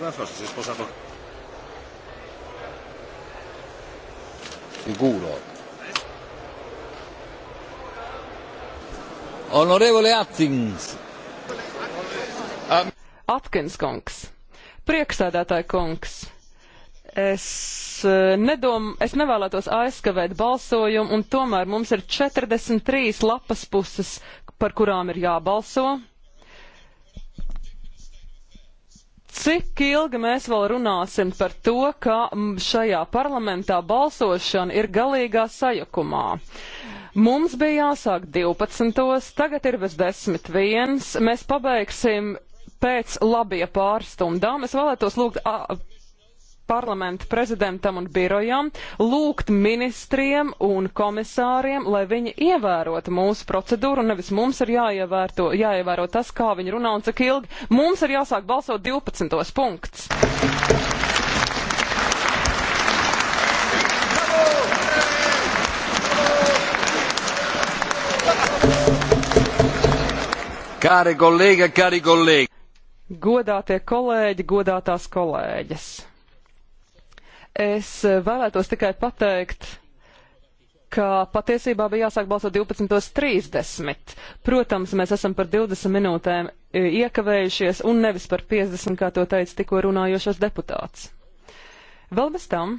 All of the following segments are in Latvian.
ma so se si è sposato. Sicuro. Onorevole Atkins. Atkins kungs. Prieksēdētāji kungs. Es, eh, nedom, es nevēlētos aizskavēt balsojumu, un tomēr mums ir 43 lapas puses, par kurām ir jābalso. Cik ilgi mēs vēl runāsim par to, ka šajā parlamentā balsošana ir galīgā sajukumā? Mums bija jāsāk 12. tagad ir bez 10. 1. Mēs pabeigsim pēc labie pārstundām. Es vēlētos lūgt parlamenta prezidentam un birojam lūgt ministriem un komisāriem, lai viņi ievērotu mūsu procedūru, un nevis mums ir jāievērto, jāievēro tas, kā viņi runā un cik ilgi. Mums ir jāsāk balsot 12. punkts. Kari kolēģi, kari kolēģi. Godātie kolēģi, godātās kolēģis. Es eh, vēlētos tikai pateikt, ka patiesībā bija jāsāk balsot 12.30. Protams, mēs esam par 20 minūtēm eh, iekavējušies un nevis par 50, kā to teica tikko runājošais deputāts. Vēl bez tam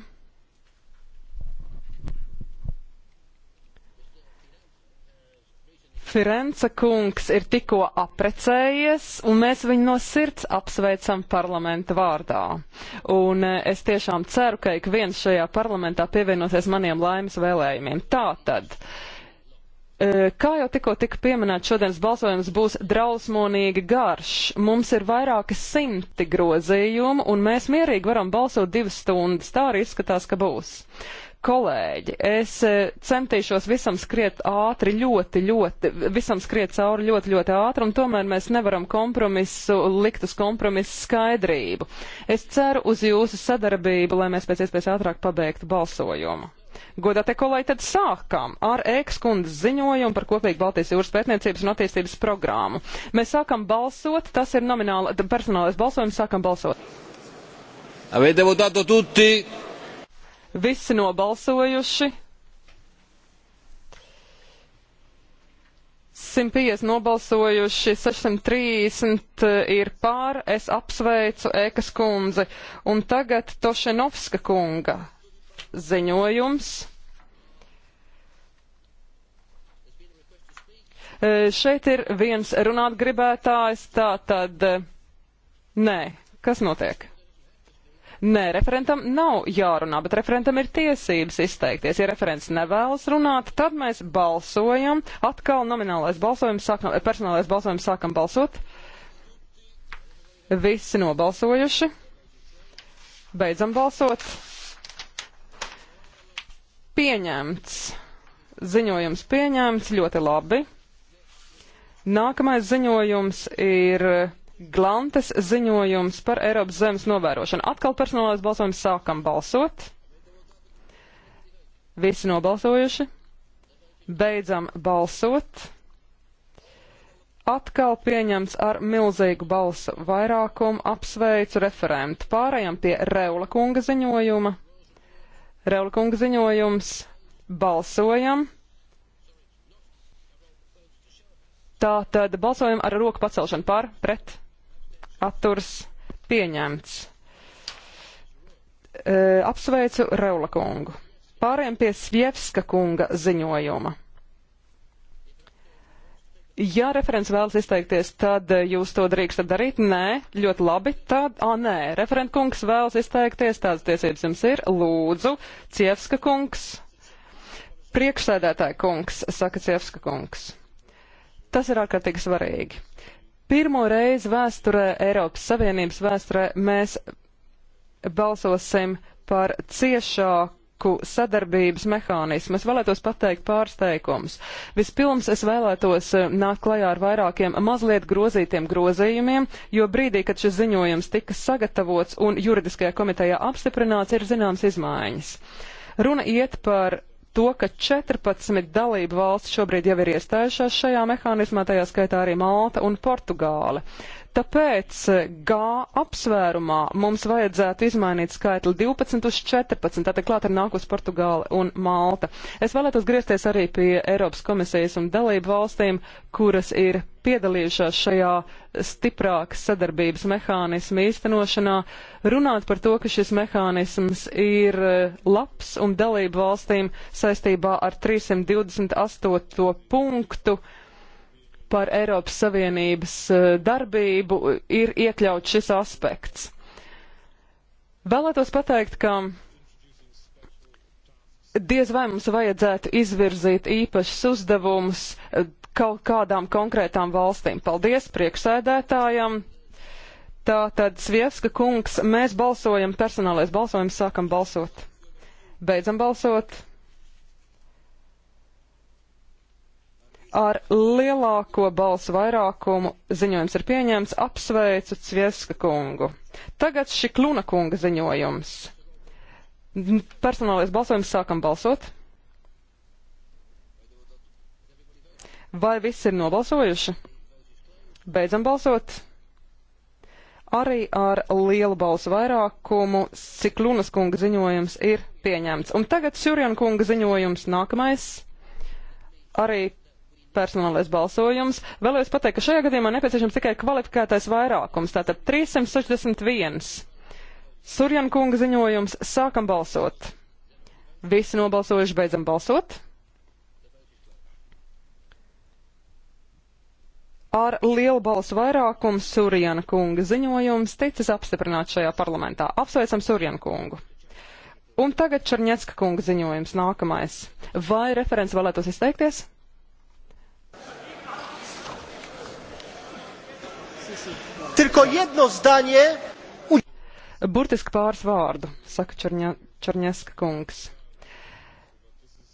Firence kungs ir tikko aprecējies, un mēs viņu no sirds apsveicam parlamenta vārdā. Un eh, es tiešām ceru, ka ik viens šajā parlamentā pievienosies maniem laimes vēlējumiem. Tātad. Eh, kā jau tikko tika pieminēts, šodienas balsojums būs drausmonīgi garš. Mums ir vairāki simti grozījumu, un mēs mierīgi varam balsot divas stundas. Tā arī izskatās, ka būs. Kolēģi, es e, centīšos visam skriet ātri, ļoti, ļoti, visam skriet cauri ļoti, ļoti ātri, un tomēr mēs nevaram kompromisu likt uz kompromisu skaidrību. Es ceru uz jūsu sadarbību, lai mēs pēc iespējas ātrāk pabeigtu balsojumu. Godātie kolēģi, tad sākam ar ēkskundas ziņojumu par kopīgu Baltijas jūras pētniecības un attīstības programmu. Mēs sākam balsot, tas ir nomināli, personālais balsojums, sākam balsot. Avete votato tutti? Visi nobalsojuši. 150 nobalsojuši, 630 eh, ir pār, es apsveicu Ēkas kundzi. Un tagad Tošenovska kunga ziņojums. Eh, šeit ir viens runāt gribētājs, tā tad eh, nē, kas notiek? Nē, referentam nav jārunā, bet referentam ir tiesības izteikties. Ja referents nevēlas runāt, tad mēs balsojam. Atkal nominālais balsojums, sākam, personālais balsojums sākam balsot. Visi nobalsojuši. Beidzam balsot. Pieņemts. Ziņojums pieņemts ļoti labi. Nākamais ziņojums ir Glantes ziņojums par Eiropas zemes novērošanu. Atkal personālais balsojums sākam balsot. Visi nobalsojuši. Beidzam balsot. Atkal pieņems ar milzīgu balsu vairākumu apsveicu referentu. Pārējām pie Reula kunga ziņojuma. Reula kunga ziņojums. Balsojam. Tā tad balsojam ar roku pacelšanu par, pret, atturs pieņemts. E, apsveicu Reula kungu. Pāriem pie Svievska kunga ziņojuma. Ja referents vēlas izteikties, tad e, jūs to drīkstat darīt? Nē, ļoti labi. Tad, ā, nē, referent kungs vēlas izteikties, tādas tiesības jums ir. Lūdzu, Cievska kungs. Priekšsēdētāja kungs, saka Cievska kungs. Tas ir ārkārtīgi svarīgi. Pirmo reizi vēsturē, Eiropas Savienības vēsturē, mēs balsosim par ciešāku sadarbības mehānismu. Es vēlētos pateikt pārsteigums. Vispirms es vēlētos eh, nākt klajā ar vairākiem mazliet grozītiem grozījumiem, jo brīdī, kad šis ziņojums tika sagatavots un juridiskajā komitejā apstiprināts, ir zināms izmaiņas. Runa iet par to, ka 14 dalību valsts šobrīd jau ir iestājušās šajā mehānismā, tajā skaitā arī Malta un Portugāla. Tāpēc eh, G apsvērumā mums vajadzētu izmainīt skaitli 12 uz 14, tātad klāt ir nākus Portugāla un Malta. Es vēlētos griezties arī pie Eiropas komisijas un dalību valstīm, kuras ir piedalījušās šajā stiprākas sadarbības mehānismu īstenošanā, runāt par to, ka šis mehānisms ir eh, labs un dalību valstīm saistībā ar 328. punktu par Eiropas Savienības eh, darbību ir iekļauts šis aspekts. Vēlētos pateikt, ka diez vai mums vajadzētu izvirzīt īpašas uzdevumus eh, kaut kādām konkrētām valstīm. Paldies priekšsēdētājam. Tātad Svieska kungs, mēs balsojam, personālais balsojums, sākam balsot. Beidzam balsot. Ar lielāko balsu vairākumu ziņojums ir pieņemts. Apsveicu Cvieska kungu. Tagad Šikluna kunga ziņojums. Personālais balsojums sākam balsot. Vai visi ir nobalsojuši? Beidzam balsot. Arī ar lielu balsu vairākumu Ciklunas kunga ziņojums ir pieņemts. Un tagad Sjurjan kunga ziņojums nākamais. Arī personālais balsojums. Vēlējos pateikt, ka šajā gadījumā nepieciešams tikai kvalifikētais vairākums, tātad 361. Surjan kunga ziņojums, sākam balsot. Visi nobalsojuši, beidzam balsot. Ar lielu balsu vairākumu Surjana kunga ziņojums ticis apstiprināts šajā parlamentā. Apsveicam Surjana kungu. Un tagad Černiecka kunga ziņojums nākamais. Vai referents vēlētos izteikties? Tylko jedno zdanie. Burtiski pāris vārdu, saka Čerņa, Čerņeska kungs.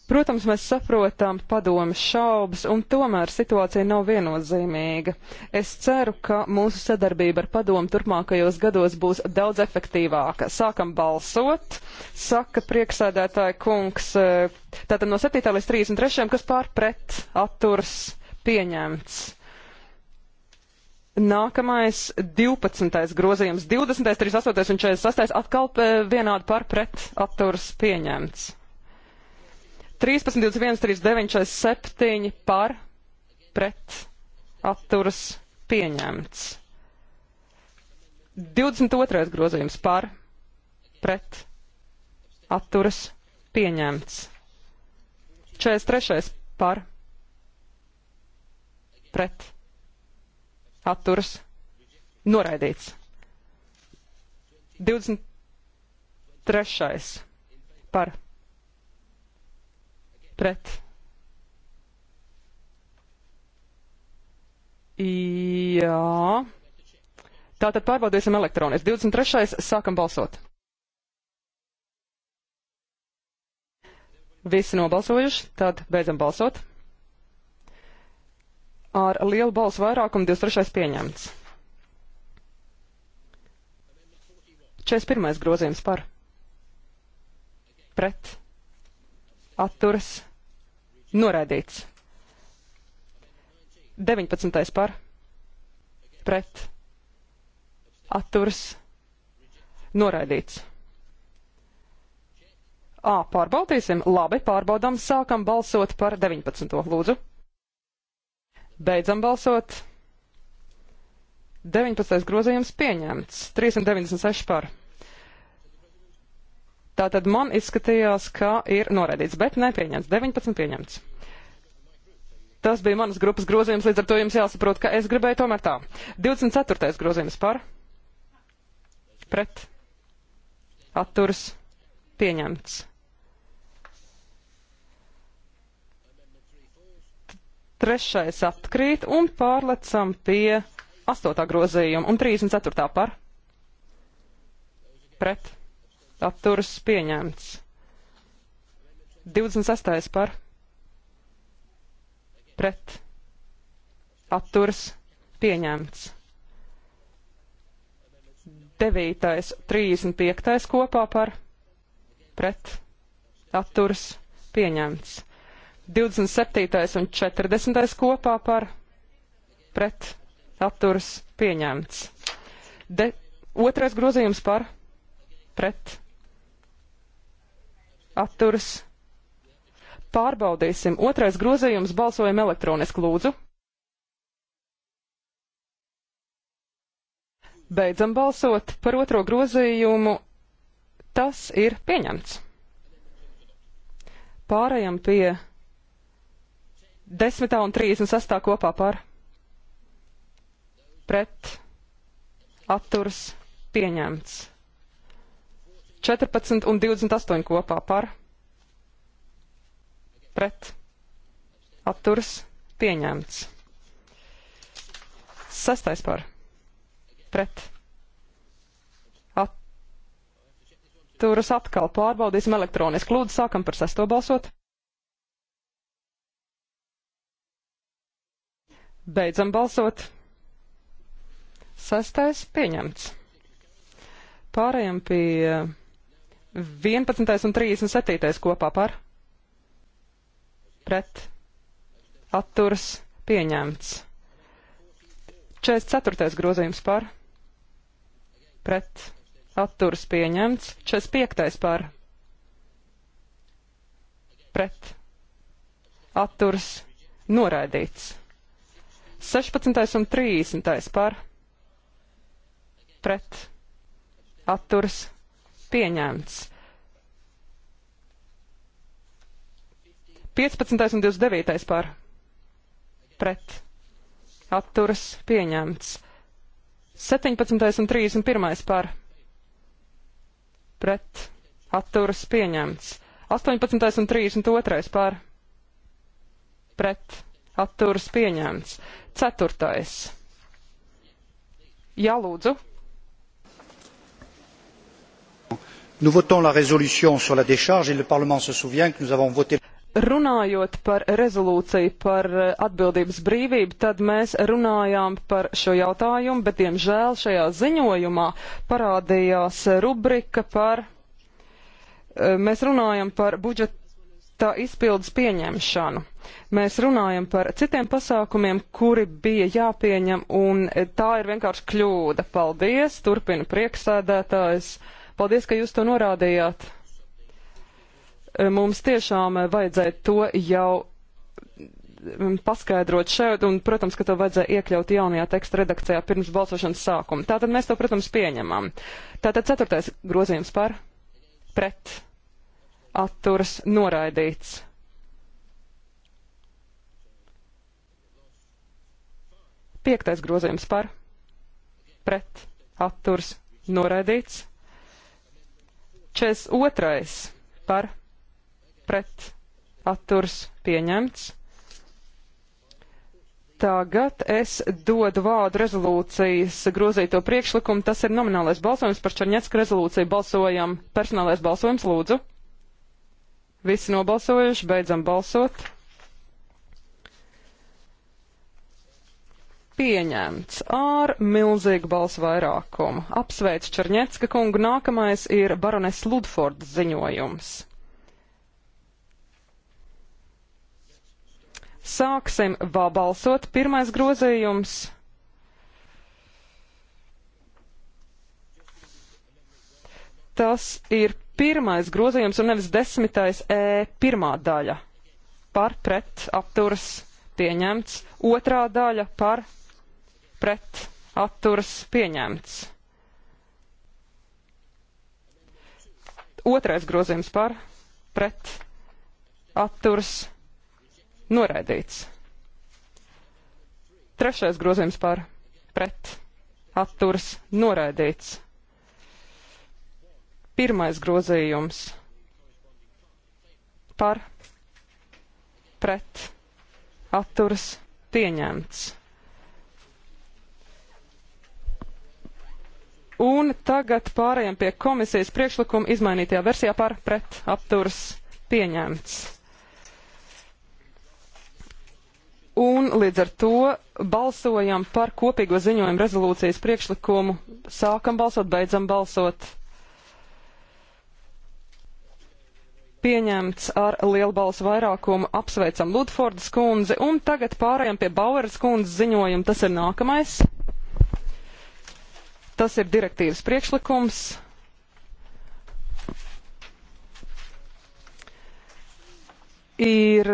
Protams, mēs saprotam padomas šaubas, un tomēr situācija nav viennozīmīga. Es ceru, ka mūsu sadarbība ar padomu turpmākajos gados būs daudz efektīvāka. Sākam balsot, saka prieksēdētāja kungs, eh, tātad no 7. līdz 33. kas pārpret atturs pieņemts. Nākamais 12. grozījums, 20, 38 un 46 atkal eh, vienādi par pret atturs pieņemts. 13, 21, 39, 47 par pret atturs pieņemts. 22. grozījums par pret atturs pieņemts. 43. par pret atturs pieņemts atturas noraidīts. 23. par pret Jā. Tātad pārbaudīsim elektroniski. 23. sākam balsot. Visi nobalsojuši, tad beidzam balsot ar lielu balsu vairākumu 23. pieņemts. 41. grozījums par pret atturas noraidīts. 19. par pret atturas noraidīts. Ā, pārbaudīsim. Labi, pārbaudām, sākam balsot par 19. lūdzu. Beidzam balsot. 19. grozījums pieņemts. 396 par. Tātad man izskatījās, ka ir noraidīts, bet nepieņemts. 19 pieņemts. Tas bija manas grupas grozījums, līdz ar to jums jāsaprot, ka es gribēju tomēr tā. 24. grozījums par. Pret. Atturs. Pieņemts. Trešais atkrīt un pārlecam pie 8. grozījuma un 34. par. Pret. Atturas pieņemts. 26. par. Pret. Atturas pieņemts. 9. 35. kopā par. Pret. Atturas pieņemts. 27. un 40. kopā par pret atturas pieņemts. De, otrais grozījums par pret atturas. Pārbaudīsim. Otrais grozījums balsojam elektroniski lūdzu. Beidzam balsot par otro grozījumu. Tas ir pieņemts. Pārējam pie 10. un 36. kopā par pret atturs pieņemts. 14 un 28 kopā par pret atturs pieņemts. 6. par pret atturas atkal pārbaudīsim elektroniski. Lūdzu, sākam par sesto balsot. Beidzam balsot. Sastais pieņemts. Pārējām pie 11. un 37. kopā par pret atturas pieņemts. 44. grozījums par pret atturas pieņemts. 45. par pret atturas noraidīts. 16. un 30. par pret atturs pieņemts. 15. un 29. par pret atturs pieņemts. 17. un 31. par pret atturas pieņemts. 18. un 32. par pret atturas pieņemts. Ceturtais. Jā, lūdzu. Nous votons la résolution sur la décharge et le Parlement se souvient que nous avons voté. Runājot par rezolūciju par eh, atbildības brīvību, tad mēs runājām par šo jautājumu, bet, diemžēl, šajā ziņojumā parādījās rubrika par. Eh, mēs runājam par budžeta izpildes pieņemšanu. Mēs runājam par citiem pasākumiem, kuri bija jāpieņem, un tā ir vienkārši kļūda. Paldies, turpina prieksēdētājs. Paldies, ka jūs to norādījāt. Mums tiešām vajadzēja to jau paskaidrot šeit, un, protams, ka to vajadzēja iekļaut jaunajā teksta redakcijā pirms balsošanas sākuma. Tātad mēs to, protams, pieņemam. Tātad ceturtais grozījums par, pret, atturas, noraidīts. Piektais grozījums par pret atturs noraidīts. 42. par pret atturs pieņemts. Tagad es dodu vārdu rezolūcijas grozīto priekšlikumu. Tas ir nominālais balsojums par Černiecku rezolūciju. Balsojam personālais balsojums, lūdzu. Visi nobalsojuši, beidzam balsot. pieņemts ar milzīgu balsu vairākumu. Apsveic Černiecka kungu, nākamais ir barones Ludfords ziņojums. Sāksim balsot. Pirmais grozījums. Tas ir pirmais grozījums un nevis desmitais E pirmā daļa par pret apturas pieņemts, otrā daļa par pret atturas pieņemts. Otrais grozījums par pret atturas noraidīts. Trešais grozījums par pret atturas noraidīts. Pirmais grozījums par pret atturas pieņemts. Un tagad pārējām pie komisijas priekšlikuma izmainītajā versijā par pret apturas pieņemts. Un līdz ar to balsojam par kopīgo ziņojumu rezolūcijas priekšlikumu. Sākam balsot, beidzam balsot. Pieņemts ar lielu balsu vairākumu, apsveicam Ludfordas kundzi, un tagad pārējām pie Baueras kundzes ziņojumu. Tas ir nākamais. Tas ir direktīvas priekšlikums. Ir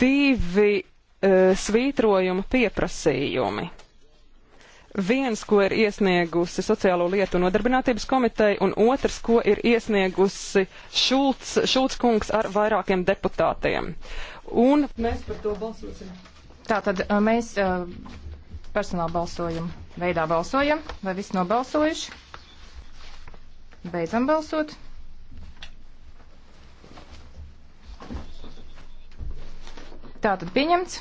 divi uh, svītrojuma pieprasījumi. Viens, ko ir iesniegusi Sociālo lietu un nodarbinātības komiteja, un otrs, ko ir iesniegusi Šulc, Šulc kungs ar vairākiem deputātiem. Un mēs par to balsosim. Tātad e, mēs uh, personāla balsojuma veidā balsojam. Vai visi nobalsojuši? Beidzam balsot. Tātad pieņemts.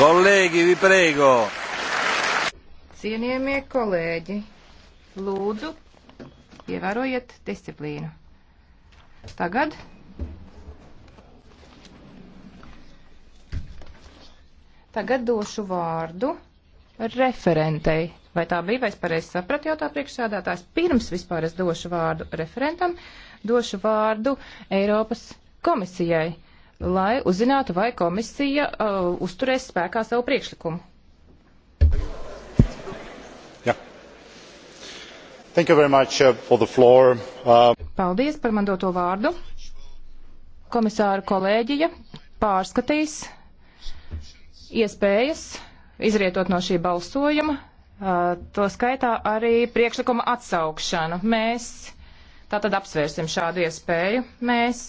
Kolēģi, vi prego! Cienījamie kolēģi, lūdzu, ievērojiet disciplīnu. Tagad Tagad došu vārdu referentei. Vai tā bija, vai es pareizi sapratu, jautā priekšsādātājs. Pirms vispār es došu vārdu referentam, došu vārdu Eiropas komisijai lai uzzinātu, vai komisija uh, uzturēs spēkā savu priekšlikumu. Yeah. Much, uh, uh... Paldies par man doto vārdu. Komisāra kolēģija pārskatīs iespējas izrietot no šī balsojuma, uh, to skaitā arī priekšlikuma atsaukšanu. Mēs tātad apsvērsim šādu iespēju. Mēs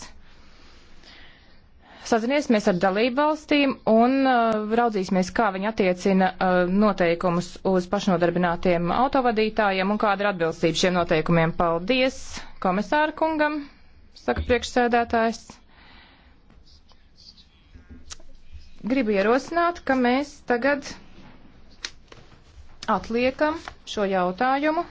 saziniesimies ar dalībvalstīm un uh, raudzīsimies, kā viņi attiecina uh, noteikumus uz pašnodarbinātiem autovadītājiem un kāda ir atbilstība šiem noteikumiem. Paldies komisāra kungam, saka priekšsēdētājs. Gribu ierosināt, ka mēs tagad atliekam šo jautājumu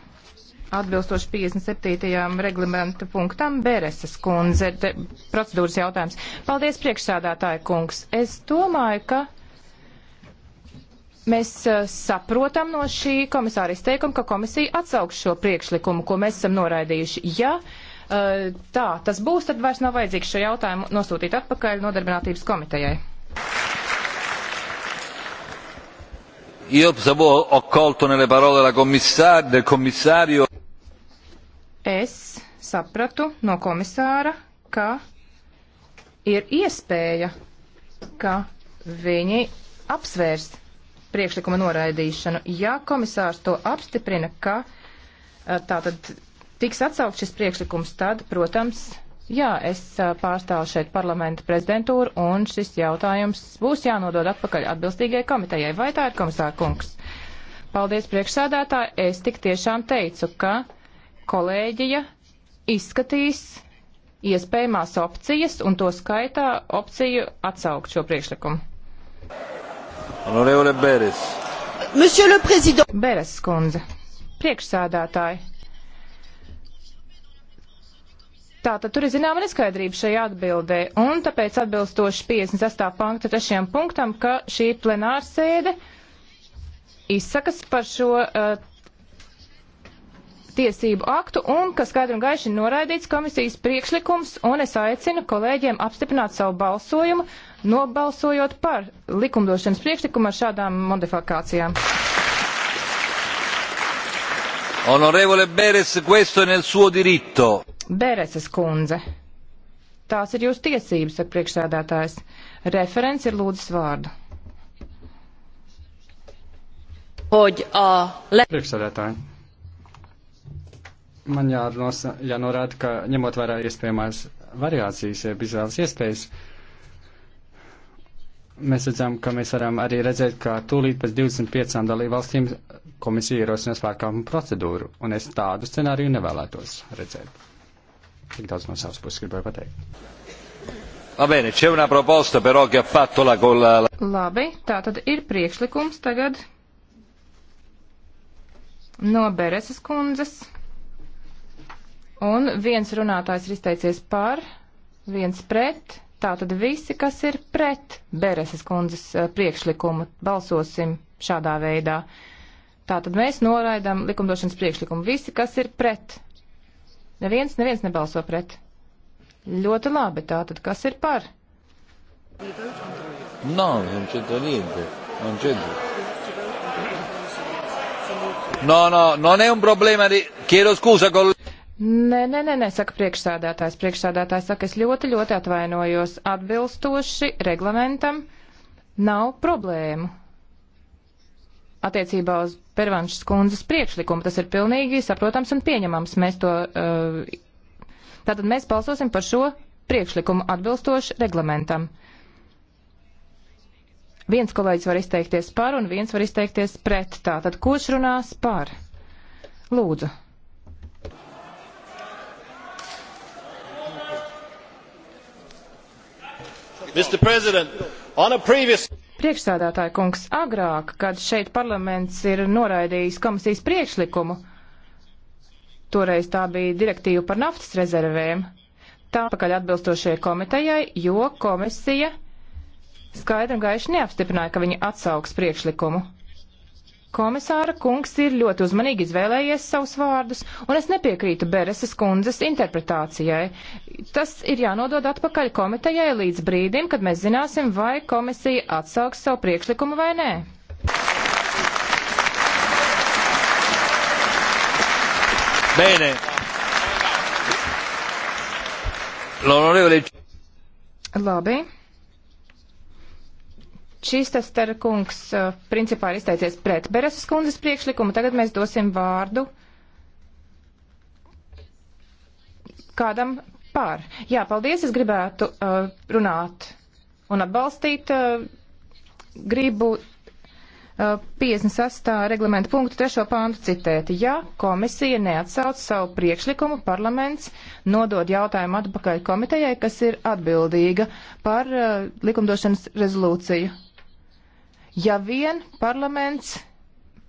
Atbilstoši 57. reglamenta punktam, Bereses kundze, te, procedūras jautājums. Paldies, priekšsādātāja kungs. Es domāju, ka mēs eh, saprotam no šī komisāra izteikuma, ka komisija atsauks šo priekšlikumu, ko mēs esam noraidījuši. Ja eh, tā tas būs, tad vairs nav vajadzīgs šo jautājumu nosūtīt atpakaļ nodarbinātības komitejai. io avevo accolto nelle parole del commissario es sapratu no komisāra, ka ir iespēja, ka viņi apsvērs priekšlikuma noraidīšanu, ja komisārs to apstiprina, ka eh, tā tad tiks atsaukt šis priekšlikums, tad, protams, jā, es eh, pārstāvu šeit parlamenta prezidentūru un šis jautājums būs jānodod atpakaļ atbilstīgajai komitejai. Vai tā ir komisāra kungs? Paldies priekšsēdētāji, es tik tiešām teicu, ka kolēģija izskatīs iespējamās opcijas un to skaitā opciju atsaukt šo priekšlikumu. Honorevole Beres. Monsieur le Président. Beres skundze. Priekšsādātāji. Tātad tur ir zināma neskaidrība šajā atbildē, un tāpēc atbilstoši 58. panta 3. punktam, ka šī plenārsēde izsakas par šo uh, tiesību aktu un ka skaidri un gaiši noraidīts komisijas priekšlikums, un es aicinu kolēģiem apstiprināt savu balsojumu, nobalsojot par likumdošanas priekšlikumu ar šādām modifikācijām. Onorevole Beres, questo nel suo diritto. Bereses kundze, tās ir jūsu tiesības, saka priekšsēdētājs. Referents ir lūdzis vārdu. hogy a le... Priekšsēdētāji, man jānos, jānorāda, ka ņemot vērā iespējamās variācijas, jeb izvēles iespējas, mēs redzam, ka mēs varam arī redzēt, ka tūlīt pēc 25 dalībvalstīm komisija ierosinās pārkāpumu procedūru, un es tādu scenāriju nevēlētos redzēt. Tik daudz no savas puses gribēju pateikt. Labi, c'è una proposta però che ha fatto la colla. Labi, tā tad ir priekšlikums tagad no Bereses kundzes. Un viens runātājs ir izteicies par, viens pret. Tātad visi, kas ir pret Bereses kundzes eh, priekšlikumu, balsosim šādā veidā. Tātad mēs noraidām likumdošanas priekšlikumu. Visi, kas ir pret. Neviens, neviens nebalso pret. Ļoti labi. Tātad kas ir par? No, non c'è niente. Non c'è No, no, non è un problema di... Chiedo scusa, collega. Nē, nē, nē, nē, saka priekšsādātājs. Priekšsādātājs saka, es ļoti, ļoti atvainojos. Atbilstoši reglamentam nav problēmu attiecībā uz Pervanšas kundzes priekšlikumu. Tas ir pilnīgi saprotams un pieņemams. Mēs to, uh, tātad mēs balsosim par šo priekšlikumu atbilstoši reglamentam. Viens kolēģis var izteikties par un viens var izteikties pret. Tātad kurš runās par? Lūdzu. Previous... Priekšsēdētāja kungs, agrāk, kad šeit parlaments ir noraidījis komisijas priekšlikumu, toreiz tā bija direktīva par naftas rezervēm, tā pakaļ atbilstošajai komitejai, jo komisija skaidri un gaiši neapstiprināja, ka viņi atsauks priekšlikumu. Komisāra kungs ir ļoti uzmanīgi izvēlējies savus vārdus, un es nepiekrītu Bereses kundzes interpretācijai. Tas ir jānodod atpakaļ komitejai līdz brīdim, kad mēs zināsim, vai komisija atsauks savu priekšlikumu vai nē. Bene. Labi. Čistastara kungs eh, principā ir izteicies pret Bereses kundzes priekšlikumu. Tagad mēs dosim vārdu kādam pār. Jā, paldies, es gribētu uh, runāt un atbalstīt. Uh, gribu uh, 56. reglamenta punktu 3. pāntu citēt. Ja komisija neatsauc savu priekšlikumu, parlaments nodod jautājumu atpakaļ komitejai, kas ir atbildīga par uh, likumdošanas rezolūciju ja vien parlaments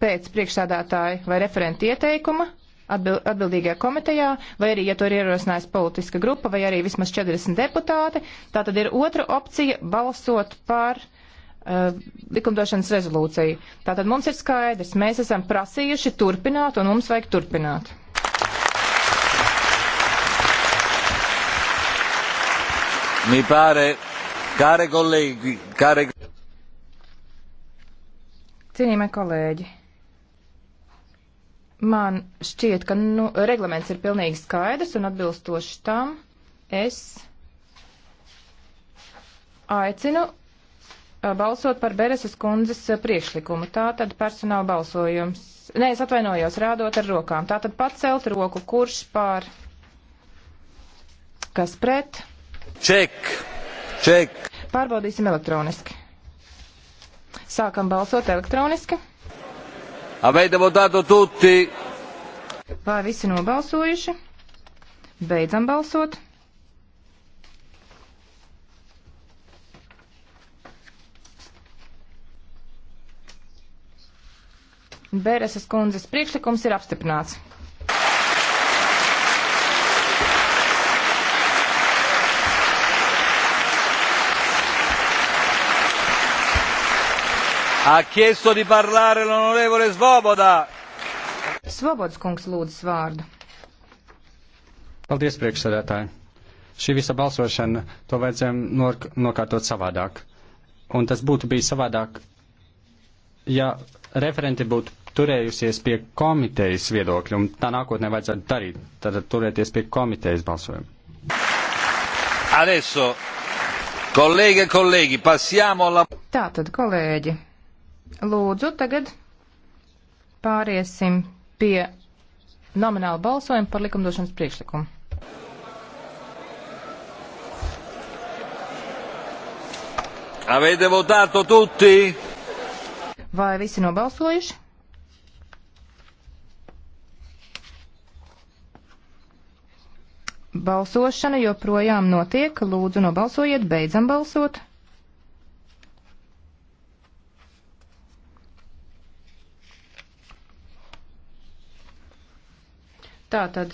pēc priekšsādātāja vai referenta ieteikuma atbild, atbildīgajā komitejā, vai arī, ja to ir ierosinājusi politiska grupa, vai arī vismaz 40 deputāti, tā tad ir otra opcija balsot par uh, likumdošanas rezolūciju. Tātad mums ir skaidrs, mēs esam prasījuši turpināt, un mums vajag turpināt. Mi pare, care colleghi, care... Cienījamie kolēģi, man šķiet, ka nu, reglaments ir pilnīgi skaidrs un atbilstoši tam es aicinu balsot par Bereses kundzes priekšlikumu. Tā tad personāla balsojums. Nē, es atvainojos, rādot ar rokām. Tā tad pacelt roku, kurš pār, kas pret. Ček, ček. Pārbaudīsim elektroniski. Sākam balsot elektroniski. Avete votato tutti? Vai visi nobalsojuši? Beidzam balsot. Bereses kundzes priekšlikums ir apstiprināts. Ha chiesto di parlare l'onorevole Svoboda. Svobods kungs lūdzu vārdu. Paldies, priekšsēdētāji. Šī visa balsošana to vajadzēja nok nokārtot savādāk. Un tas būtu bijis savādāk, ja referenti būtu turējusies pie komitejas viedokļa, un tā nākotnē vajadzētu darīt, tad turēties pie komitejas balsojuma. Adesso, kolēģi, kolēģi, passiamo la... Tātad, kolēģi, Lūdzu, tagad pāriesim pie nomināla balsojuma par likumdošanas priekšlikumu. Avete votato tutti? Vai visi nobalsojuši? Balsošana joprojām notiek. Lūdzu, nobalsojiet, beidzam balsot. Tā tad.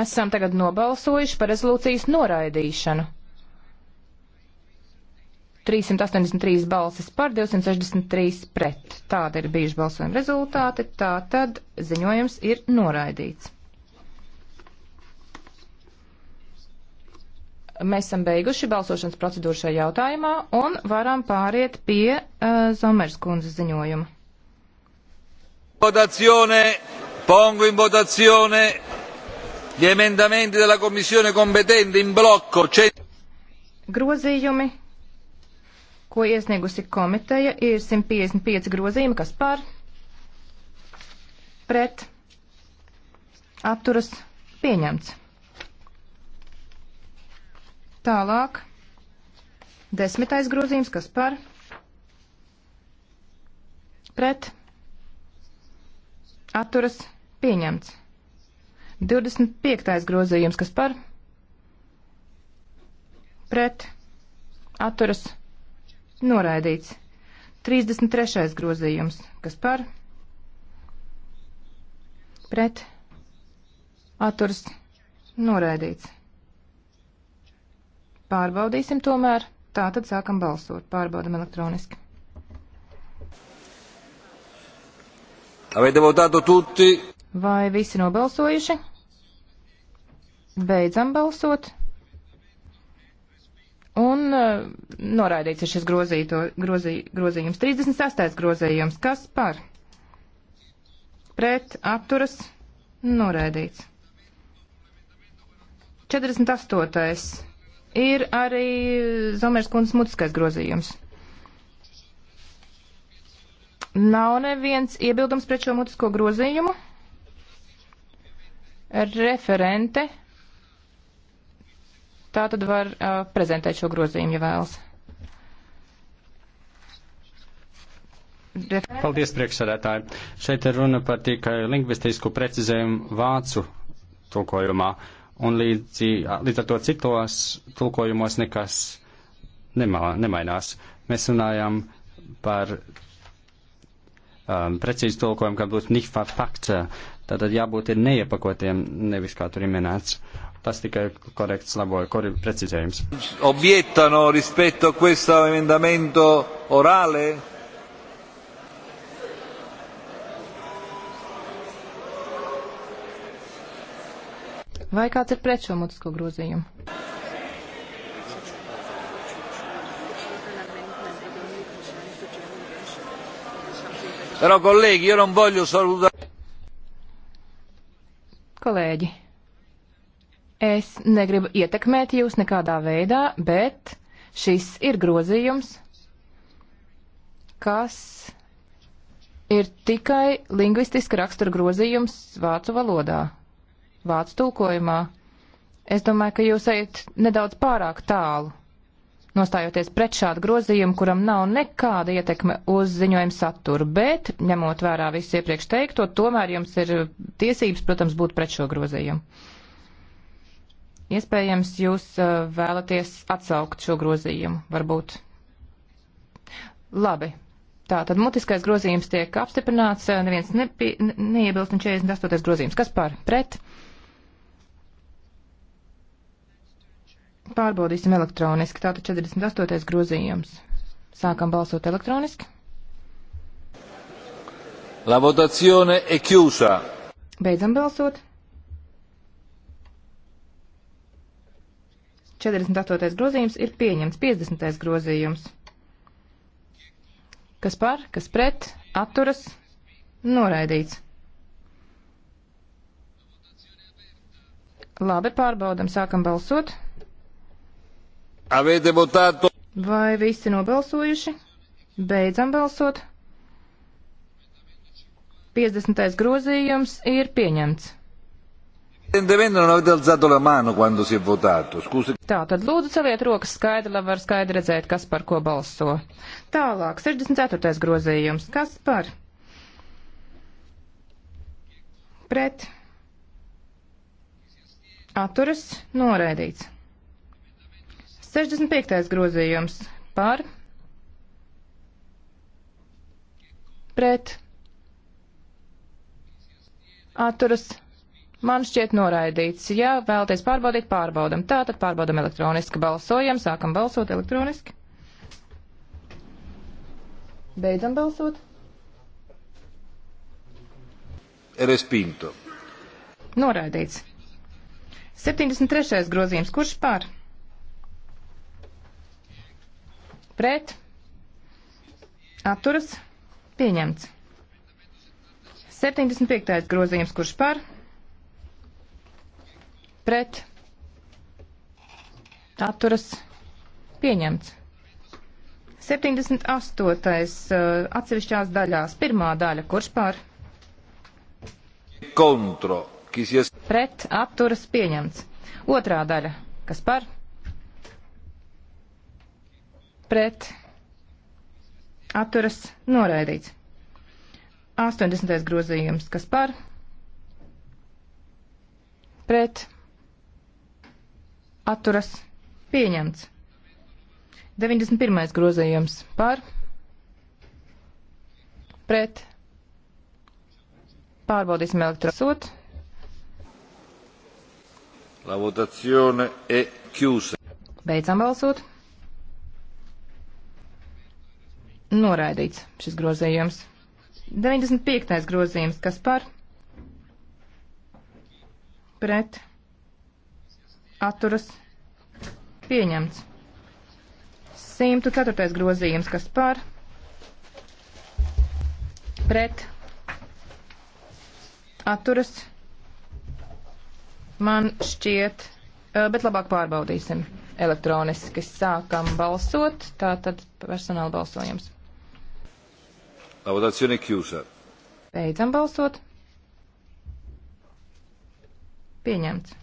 Esam tagad nobalsojuši par rezolūcijas noraidīšanu. 383 balsis par, 263 pret. Tāda ir bijuši balsojuma rezultāti, tā tad ziņojums ir noraidīts. Mēs esam beiguši balsošanas procedūru šajā jautājumā un varam pāriet pie uh, Zomers kundzes ziņojuma. Votazione, pongo in votazione gli emendamenti della Commissione competente in blocco. Grozījumi, ko iesniegusi komiteja, ir 155 grozījumi, kas par, pret, atturas, pieņemts. Tālāk. Desmitais grozījums, kas par? Pret. Atturas pieņemts. 25. grozījums, kas par? Pret. Atturas noraidīts. 33. grozījums, kas par? Pret. Atturas noraidīts. Pārbaudīsim tomēr. Tā tad sākam balsot. Pārbaudam elektroniski. Avete votato tutti? Vai visi nobalsojuši? Beidzam balsot. Un uh, noraidīts ir šis grozīto, grozī, grozījums. 36. grozījums. Kas par? Pret apturas noraidīts. 48 ir arī Zomers kundzes mutiskais grozījums. Nav neviens iebildums pret šo mutisko grozījumu. Referente. Tā tad var uh, prezentēt šo grozījumu, ja vēlas. Referente. Paldies, priekšsēdētāji. Šeit ir runa par tikai lingvistisku precizējumu vācu tulkojumā. Uh, un līdz, līdz ar to citos tulkojumos nekas nemā, nemainās. Mēs runājam par um, precīzu tulkojumu, kā būtu nihfa fakta. Tātad jābūt ir neiepakotiem, nevis kā tur ir minēts. Tas tikai korekts laboja, kor ir precizējums. Objettano rispetto a questo emendamento orale? Vai kāds ir pret šo mutisko grozījumu? Però colleghi, io non voglio salutare. Kolēģi, es negribu ietekmēt jūs nekādā veidā, bet šis ir grozījums, kas ir tikai lingvistiska rakstura grozījums vācu valodā vācu tulkojumā. Es domāju, ka jūs ejat nedaudz pārāk tālu, nostājoties pret šādu grozījumu, kuram nav nekāda ietekme uz ziņojumu saturu, bet, ņemot vērā visu iepriekš teikto, tomēr jums ir tiesības, protams, būt pret šo grozījumu. Iespējams, jūs uh, vēlaties atsaukt šo grozījumu, varbūt. Labi, Tā tad mutiskais grozījums tiek apstiprināts, uh, neviens nepie, neiebilst, un 48. grozījums. Kas par pret? Pārbaudīsim elektroniski. Tātad 48. grozījums. Sākam balsot elektroniski. La votazione è chiusa. Beidzam balsot. 48. grozījums ir pieņemts. 50. grozījums. Kas par, kas pret, atturas, noraidīts. Labi, pārbaudam, sākam balsot. Avete votato? Vai visi nobalsojuši? Beidzam balsot. 50. grozījums ir pieņemts. Tā tad lūdzu celiet rokas skaidri, lai var skaidri redzēt, kas par ko balso. Tālāk, 64. grozījums. Kas par? Pret. Atturas noraidīts. 65. grozījums par pret atturas man šķiet noraidīts. Ja vēlaties pārbaudīt, pārbaudam. Tā tad pārbaudam elektroniski. Balsojam, sākam balsot elektroniski. Beidzam balsot. E respinto. Noraidīts. 73. grozījums. Kurš pār? pret, atturas, pieņemts. 75. grozījums, kurš par, pret, atturas, pieņemts. 78. Eh, atsevišķās daļās, pirmā daļa, kurš par, kontro, kas ies... pret, atturas, pieņemts. Otrā daļa, kas par, pret pret atturas noraidīts. 80. grozījums, kas par pret atturas pieņemts. 91. grozījums par pret pārbaudīsim elektrosot. La votazione è chiusa. Beidzam balsot. noraidīts šis grozījums. 95. grozījums, kas par pret atturas pieņemts. 104. grozījums, kas par pret atturas man šķiet, eh, bet labāk pārbaudīsim elektroniski. Sākam balsot, tātad personāla balsojums. La votazione è chiusa. Beidzam balsot. Pieņemts.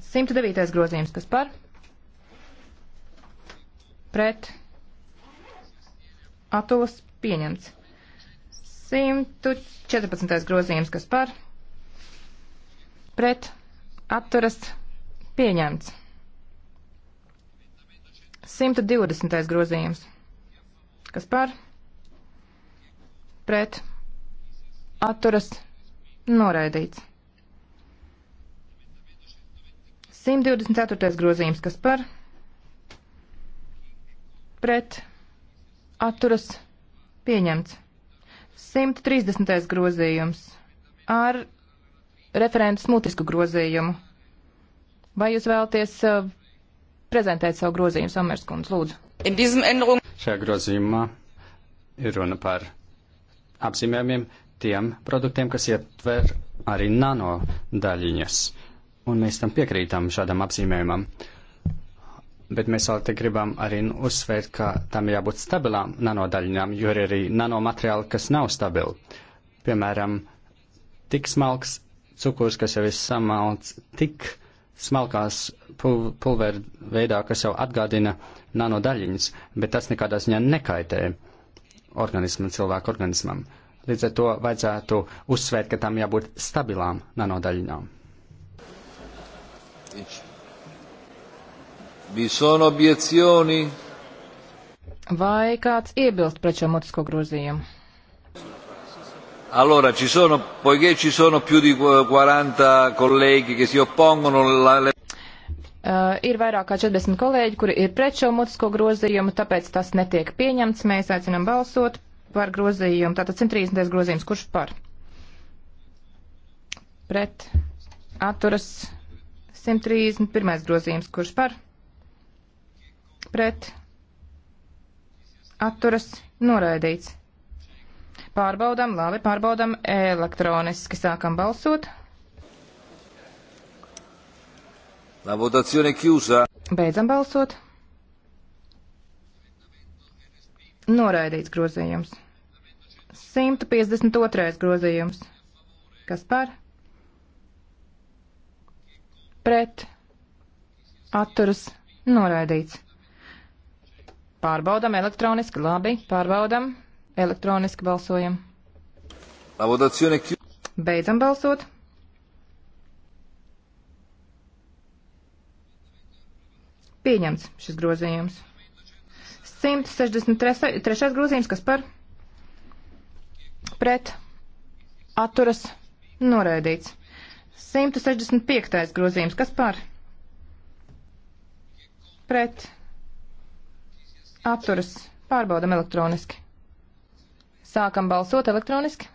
109. grozījums, kas par? Pret. Atulas pieņemts. 114. grozījums, kas par? Pret. Atturas pieņemts. 120. grozījums, kas par? pret atturas noraidīts. 124. grozījums, kas par pret atturas pieņemts. 130. grozījums ar referentu smutisku grozījumu. Vai jūs vēlaties uh, prezentēt savu grozījumu, Somers kundze, lūdzu? Šajā grozījumā ir runa par apzīmējumiem tiem produktiem, kas ietver arī nano daļiņas. Un mēs tam piekrītam šādam apzīmējumam. Bet mēs vēl te gribam arī uzsvērt, ka tam jābūt stabilām nanodaļiņām, jo ir arī nanomateriāli, kas nav stabili. Piemēram, tik smalks cukurs, kas jau ir samalts, tik smalkās pul pulveru veidā, kas jau atgādina nanodaļiņas, bet tas nekādās ziņā nekaitē. Uh, organismam, cilvēku organismam. Līdz ar to vajadzētu uzsvērt, ka tam jābūt stabilām nanodaļiņām. Vai kāds iebilst pret šo mutisko grozījumu? Allora, ci sono, poiché ci sono più di 40 colleghi che si oppongono, la, le... Uh, ir vairāk kā 40 kolēģi, kuri ir pret šo mutisko grozījumu, tāpēc tas netiek pieņemts. Mēs aicinām balsot par grozījumu. Tātad 130. grozījums, kurš par? Pret. Atturas. 131. grozījums, kurš par? Pret. Atturas. Noraidīts. Pārbaudam, labi, pārbaudam elektroniski sākam balsot. La votazione è chiusa. Beidzam balsot. Noraidīts grozījums. 152. grozījums. Kas par? Pret. Atturas. Noraidīts. Pārbaudam elektroniski. Labi, pārbaudam. Elektroniski balsojam. La votazione è chiusa. Beidzam balsot. Pieņemts šis grozījums. 163. grozījums, kas par pret atturas noraidīts. 165. grozījums, kas par pret atturas pārbaudam elektroniski. Sākam balsot elektroniski.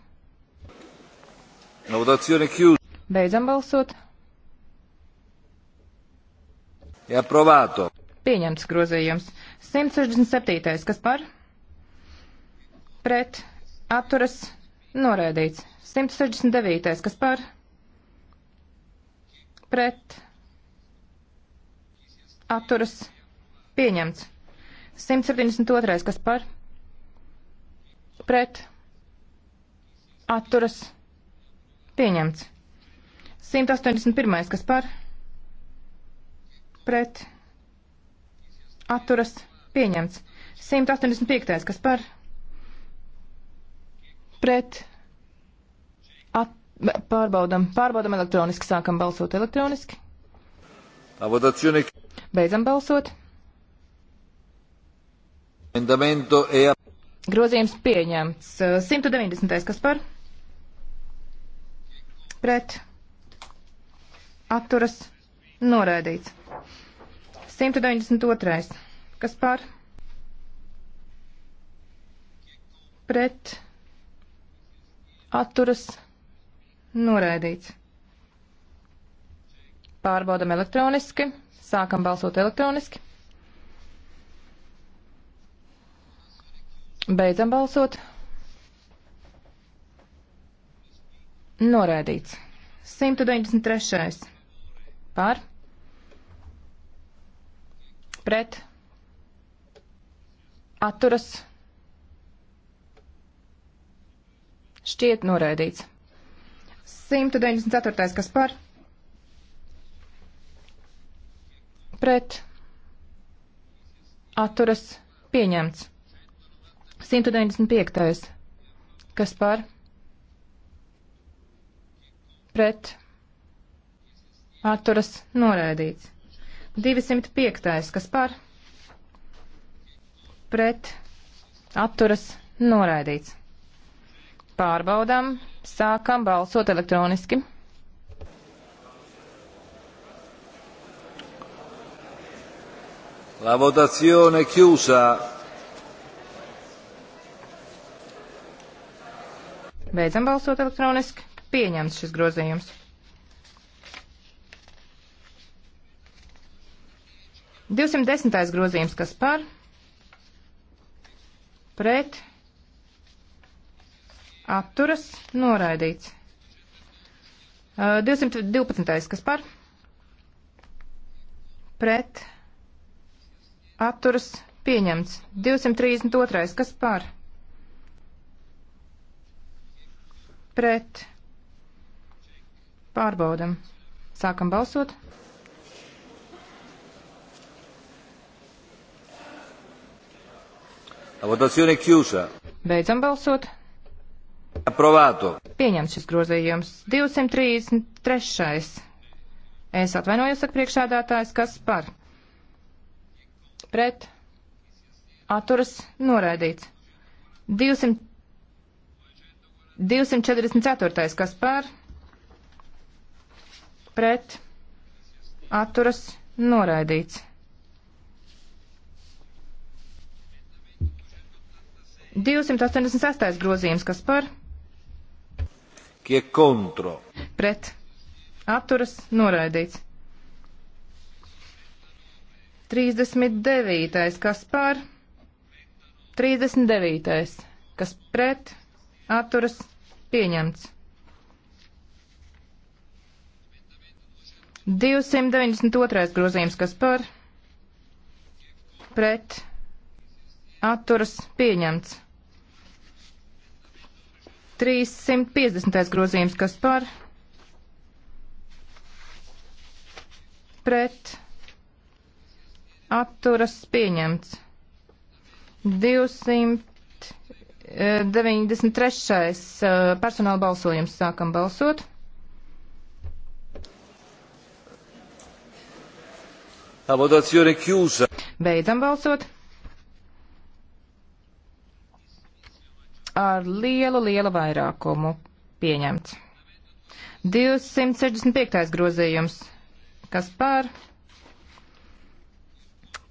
Beidzam balsot. E approvato. Pieņemts grozījums. 167. Kas par? Pret. Atturas. Noraidīts. 169. Kas par? Pret. Atturas. Pieņemts. 172. Kas par? Pret. Atturas. Pieņemts. 181. Kas par? pret atturas pieņemts. 185. kas par pret at, pārbaudam, pārbaudam elektroniski, sākam balsot elektroniski. Votazione. Beidzam balsot. Emendamento e Grozījums pieņemts. 190. Eh, kas par? Pret. Atturas Noraidīts. 192. Kas par? Pret. Atturas. Noraidīts. Pārbaudam elektroniski. Sākam balsot elektroniski. Beidzam balsot. Noraidīts. 193. Par pret atturas šķiet noraidīts. 194. kas par pret atturas pieņemts. 195. kas par pret atturas noraidīts. 205. kas par pret atturas noraidīts. Pārbaudām, sākam balsot elektroniski. La votazione chiusa. Beidzam balsot elektroniski. Pieņemts šis grozījums. 210. grozījums, kas par, pret, atturas, noraidīts. 212. kas par, pret, atturas, pieņemts. 232. kas par, pret, pārbaudam. Sākam balsot. La votazione è chiusa. Beidzam balsot. Approvato. Pieņemts šis grozījums. 233. Es atvainojos, saka priekšādātājs, kas par. Pret. Atturas noraidīts. 200, 244. kas par. Pret. Atturas noraidīts. 286. grozījums, kas par? Kiekontro. Pret. Atturas noraidīts. 39. kas par? 39. kas pret? Atturas pieņemts. 292. grozījums, kas par? Pret atturas pieņemts. 350. grozījums, kas par pret atturas pieņemts. 293. Eh, eh, personāla balsojums sākam balsot. La votazione chiusa. Beidzam balsot. ar lielu, lielu vairākumu pieņemts. 265. grozījums. Kas par?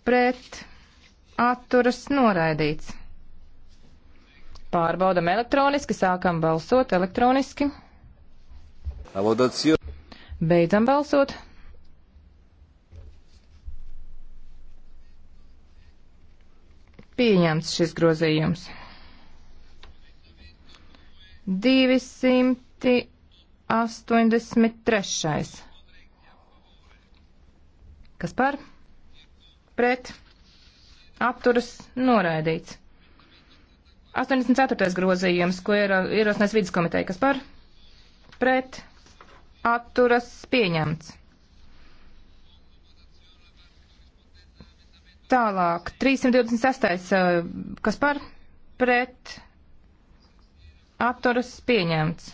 Pret. Atturas noraidīts. Pārbaudam elektroniski, sākam balsot elektroniski. Avodācija. Beidzam balsot. Pieņemts šis grozījums. 283. Kas par? Pret. Apturas noraidīts. 84. grozījums, ko ierosinās vidas komiteja. Kas par? Pret. Atturas pieņemts. Tālāk. 326. Uh, kas par? Pret atturas pieņemts.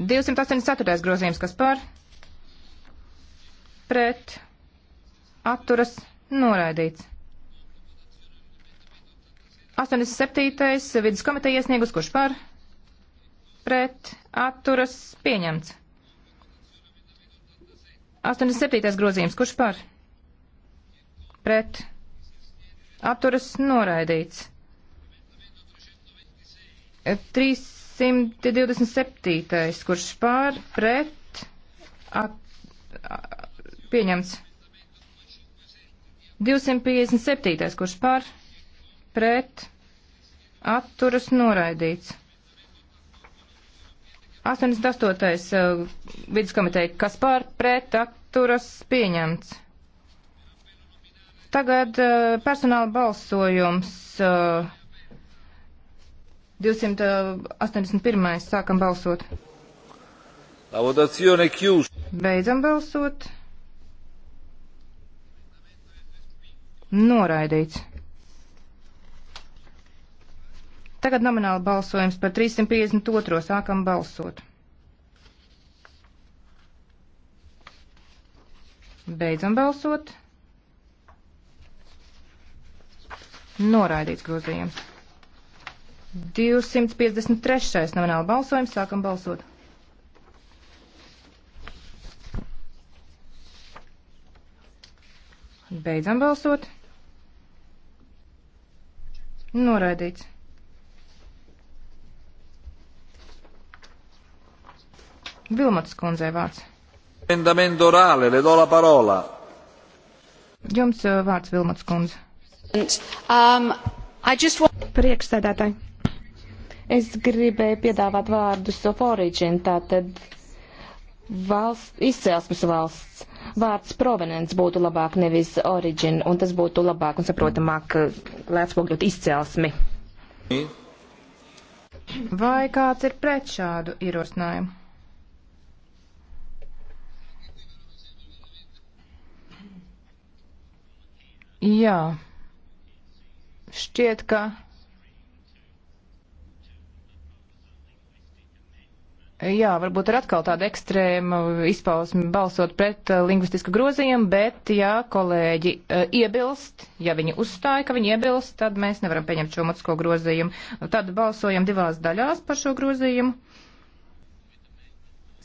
284. grozījums, kas par pret atturas noraidīts. 87. vidus komiteja iesniegus, kurš par pret atturas pieņemts. 87. grozījums, kurš par pret atturas noraidīts. 327. kurš pār pret at, at, pieņemts. 257. kurš pār pret atturas noraidīts. 88. Eh, viduskomiteja, kas pār pret atturas pieņemts. Tagad eh, personāla balsojums. 281. Eh, eh, sākam balsot. La votazione chiusa. Beidzam balsot. Noraidīts. Tagad nomināli balsojums par 352. sākam balsot. Beidzam balsot. Noraidīts grozījums. 253. nomināla balsojums. Sākam balsot. Beidzam balsot. Noraidīts. Vilmotas kundzei vārds. Emendamento orale, le do la parola. Jums uh, vārds Vilmotas kundze. Um, want... Priekšsēdētāji, es gribēju piedāvāt vārdus of origin, tātad valsts, izcelsmes valsts. Vārds provenants būtu labāk nevis origin, un tas būtu labāk un saprotamāk, eh, lai atspogļot izcelsmi. Vai kāds ir pret šādu ierosinājumu? Jā. Yeah. Šķiet, ka Jā, varbūt ir atkal tāda ekstrēma izpausme balsot pret uh, eh, lingvistisku grozījumu, bet ja kolēģi uh, iebilst, ja viņi uzstāja, ka viņi iebilst, tad mēs nevaram pieņemt šo mutisko grozījumu. Tad balsojam divās daļās par šo grozījumu.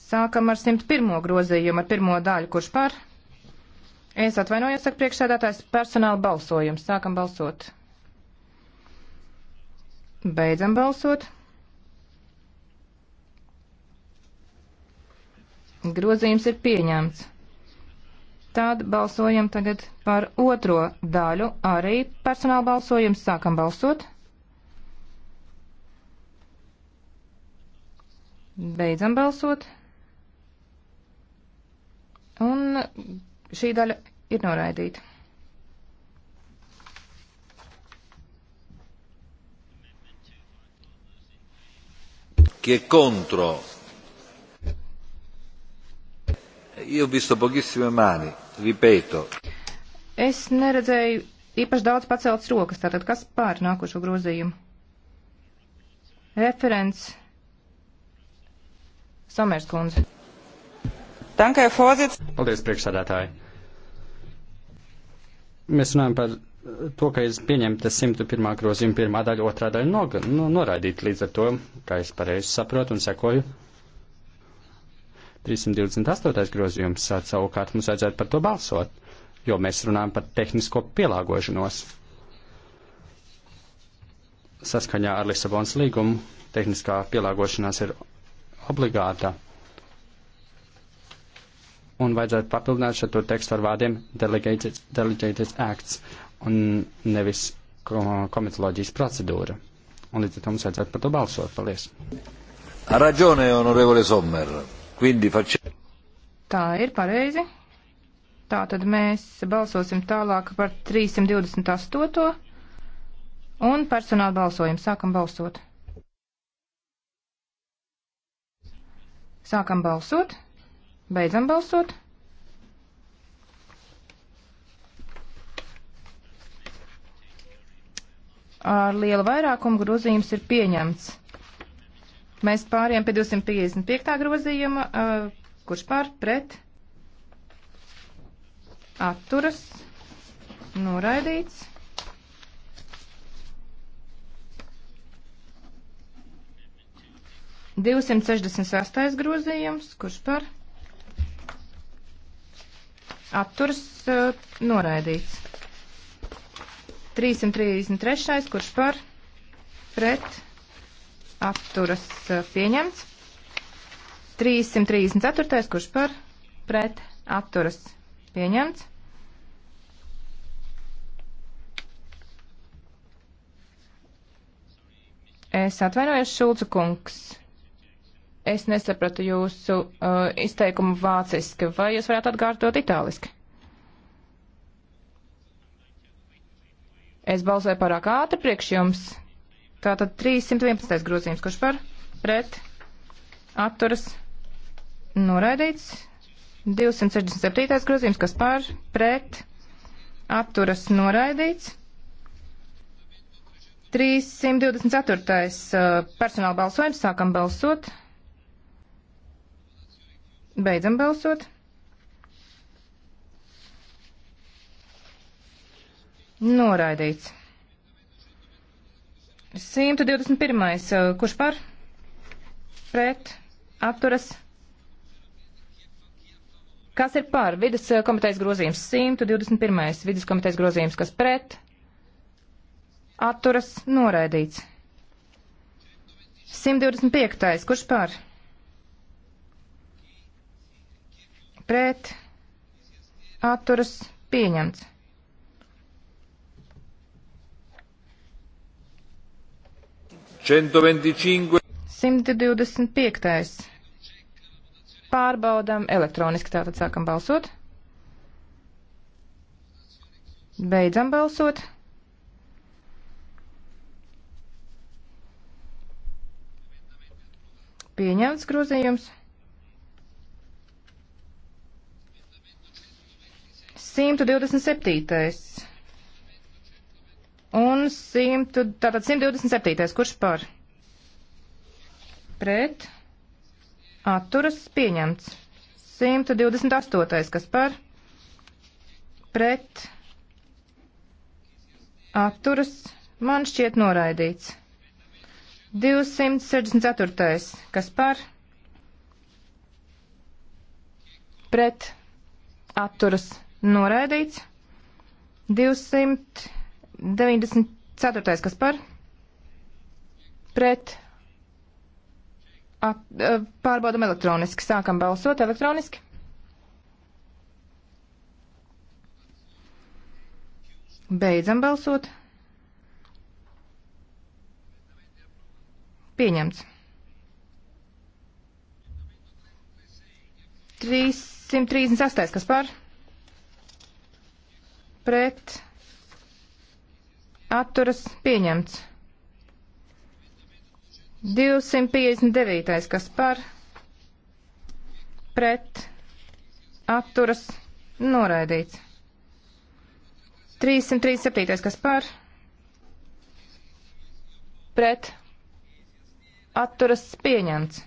Sākam ar 101. grozījumu, ar pirmo daļu, kurš par. Es atvainojos, saka priekšsēdētājs, personāla balsojums. Sākam balsot. Beidzam balsot. Grozījums ir pieņemts. Tad balsojam tagad par otro daļu. Arī personāla balsojums. Sākam balsot. Beidzam balsot. Un šī daļa ir noraidīta. Chi è contro? Io ho visto pochissime mani, ripeto. Es neredzēju īpaši daudz paceltas rokas, tātad kas pār nākošo grozījumu? Referents Somers kundze. Tankai Fozits. Paldies, priekšsādātāji. Mēs runājam par to, ka es pieņemta 101. grozījuma pirmā daļa, otrā daļa no, no, nu, noraidīt līdz ar to, kā es pareizi saprotu un sekoju. 328. grozījums savukārt mums vajadzētu par to balsot, jo mēs runājam par tehnisko pielāgošanos. Saskaņā ar Lisabonas līgumu tehniskā pielāgošanās ir obligāta. Un vajadzētu papildināt šo tekstu ar vārdiem delegated, delegated acts. Uh, un nevis komitoloģijas procedūra. Un līdz ar to mums vajadzētu par to balsot. Paldies! Raģione, honorevole Sommer, quindi facciamo. Tā ir pareizi. Tā tad mēs balsosim tālāk par 328. un personāla balsojumu. Sākam balsot. Sākam balsot. Beidzam balsot. Ar lielu vairākumu grozījums ir pieņemts. Mēs pāriem pie 255. grozījuma, uh, kurš pār pret atturas noraidīts. Divsimt sešdesmit sastais grozījums, kurš par atturas uh, noraidīts. 333. kurš par pret apturas pieņemts. 334. kurš par pret apturas pieņemts. 3. Es atvainojos, Šulca kungs. Es nesapratu jūsu uh, izteikumu vāciski. Vai jūs varētu atkārtot itāliski? Es balsoju pārāk ātri priekš jums. Tātad 311. grozījums, kurš par pret atturas noraidīts. 267. grozījums, kas par pret atturas noraidīts. 324. Uh, personāla balsojums, sākam balsot. Beidzam balsot. Noraidīts. 121. Eh, kurš par? Pret. Atturas. Kas ir par? Vides eh, komitejas grozījums. 121. Vides komitejas grozījums. Kas pret? Atturas. Noraidīts. 125. Kurš par? Pret. Atturas. Pieņemts. 125. 125. Pārbaudām elektroniski, tātad sākam balsot. Beidzam balsot. Pieņemts grozījums. 127. Un 100, tātad 127. Kurš par? Pret. Atturas pieņemts. 128. Kas par? Pret. Atturas man šķiet noraidīts. 264. Kas par? Pret. Atturas noraidīts. 200. 94. kas par? Pret. At, eh, pārbaudam elektroniski. Sākam balsot elektroniski. Beidzam balsot. Pieņemts. 338. kas par? Pret atturas pieņemts. 259. kas par pret atturas noraidīts. 337. kas par pret atturas pieņemts.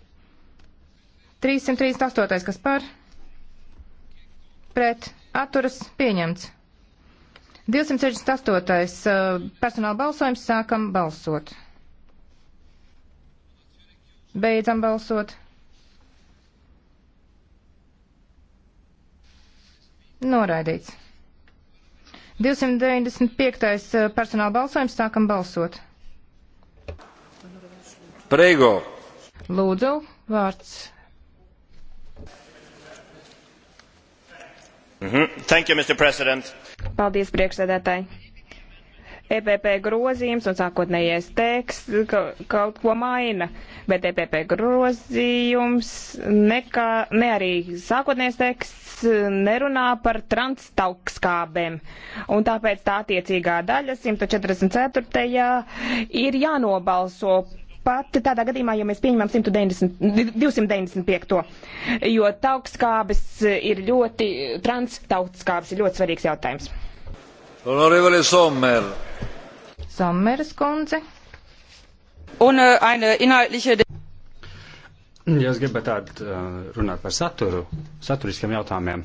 338. kas par pret atturas pieņemts. 268. Eh, personāla balsojums sākam balsot. Beidzam balsot. Noraidīts. 295. Eh, personāla balsojums sākam balsot. Prego. Lūdzu, vārds. Mm -hmm. Thank you, Mr. President. Paldies, priekšsēdētāji! EPP grozījums un sākotnējais teksts kaut ko maina, bet EPP grozījums nekā, ne arī sākotnējais teksts nerunā par transtaukskābēm. Un tāpēc tā attiecīgā daļa 144. ir jānobalso pat tādā gadījumā, ja mēs pieņemam 190, 295. Jo tautskābes ir ļoti, trans tautskābes ir ļoti svarīgs jautājums. Honorevole Sommer. Sommeres kundze. Un uh, eine inhaltliche. Ja es gribētu tādu uh, eh, runāt par saturu, saturiskiem jautājumiem,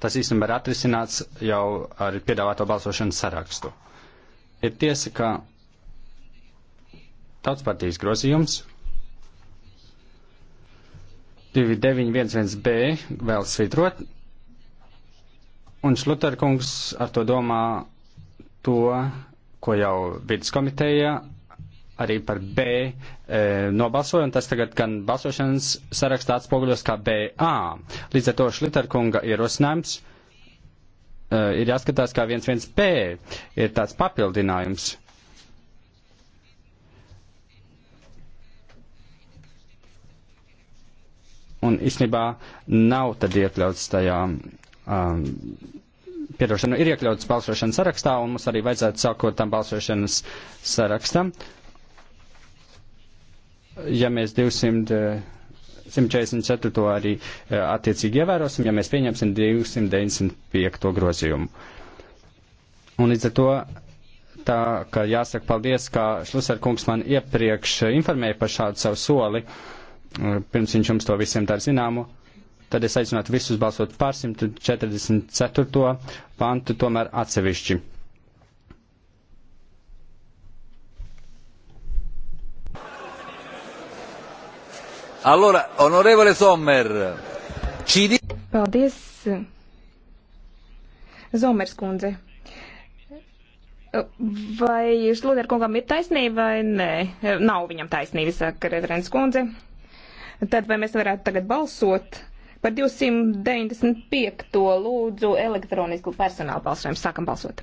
tas īstenībā ir atrisināts jau ar piedāvāto balsošanas sarakstu. Ir tiesa, ka Tāds partijas grozījums 2911B vēl svītrot, un Šluterkungs ar to domā to, ko jau vidas komiteja arī par B e, nobalsoja, un tas tagad gan balsošanas sarakstā atspoguļos kā BA. Līdz ar to Šluterkunga ierosinājums e, ir jāskatās kā 11B, ir tāds papildinājums un īstenībā nav tad iekļauts tajā. Um, Piedošana ir iekļauts balsošanas sarakstā, un mums arī vajadzētu sākot tam balsošanas sarakstam. Ja mēs 200, 144. Eh, arī eh, attiecīgi ievērosim, ja mēs pieņemsim 295. grozījumu. Un līdz ar to tā, ka jāsaka paldies, ka Šlusarkungs man iepriekš informēja par šādu savu soli. Uh, Eh, pirms viņš jums to visiem dar zināmu, tad es aicinātu visus balsot par 144. pantu tomēr atsevišķi. Allora, onorevole Sommer, ci di... Paldies, Zomers kundze. Vai Šluderkungam ir taisnība vai nē? Nav viņam taisnība, saka referents kundze. Tad vai mēs varētu tagad balsot par 295. lūdzu elektronisku personālu balsojumu? Sākam balsot.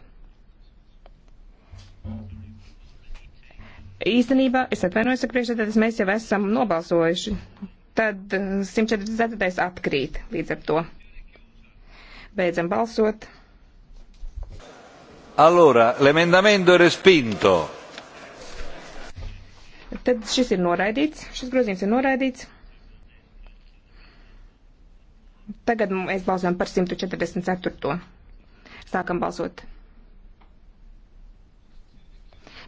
Īstenībā, es atvainojos, ka priekšsēdētājs mēs jau esam nobalsojuši. Tad 144. Eh, atkrīt līdz ar to. Beidzam balsot. Allora, l'emendamento è respinto. Tad šis ir noraidīts, šis grozījums ir noraidīts. Tagad mēs balsojam par 144. Sākam balsot.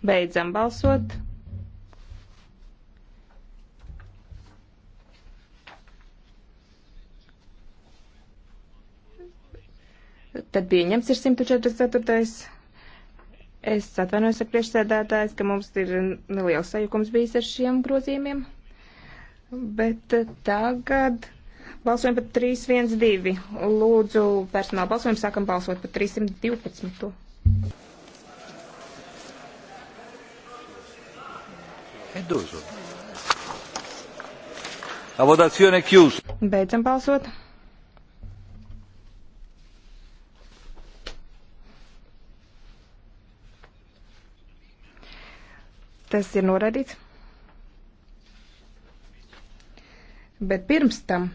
Beidzam balsot. Tad pieņems ir 144. Es atvainojos ar priekšsēdētājs, ka mums ir neliels sajukums bijis ar šiem grozījumiem. Bet tagad Balsojam par 312. Lūdzu, personāla balsojumu sākam balsot par 312. Edozo. La votazione è chiusa. Beidzam balsot. Tas ir noraidīts. Bet pirms tam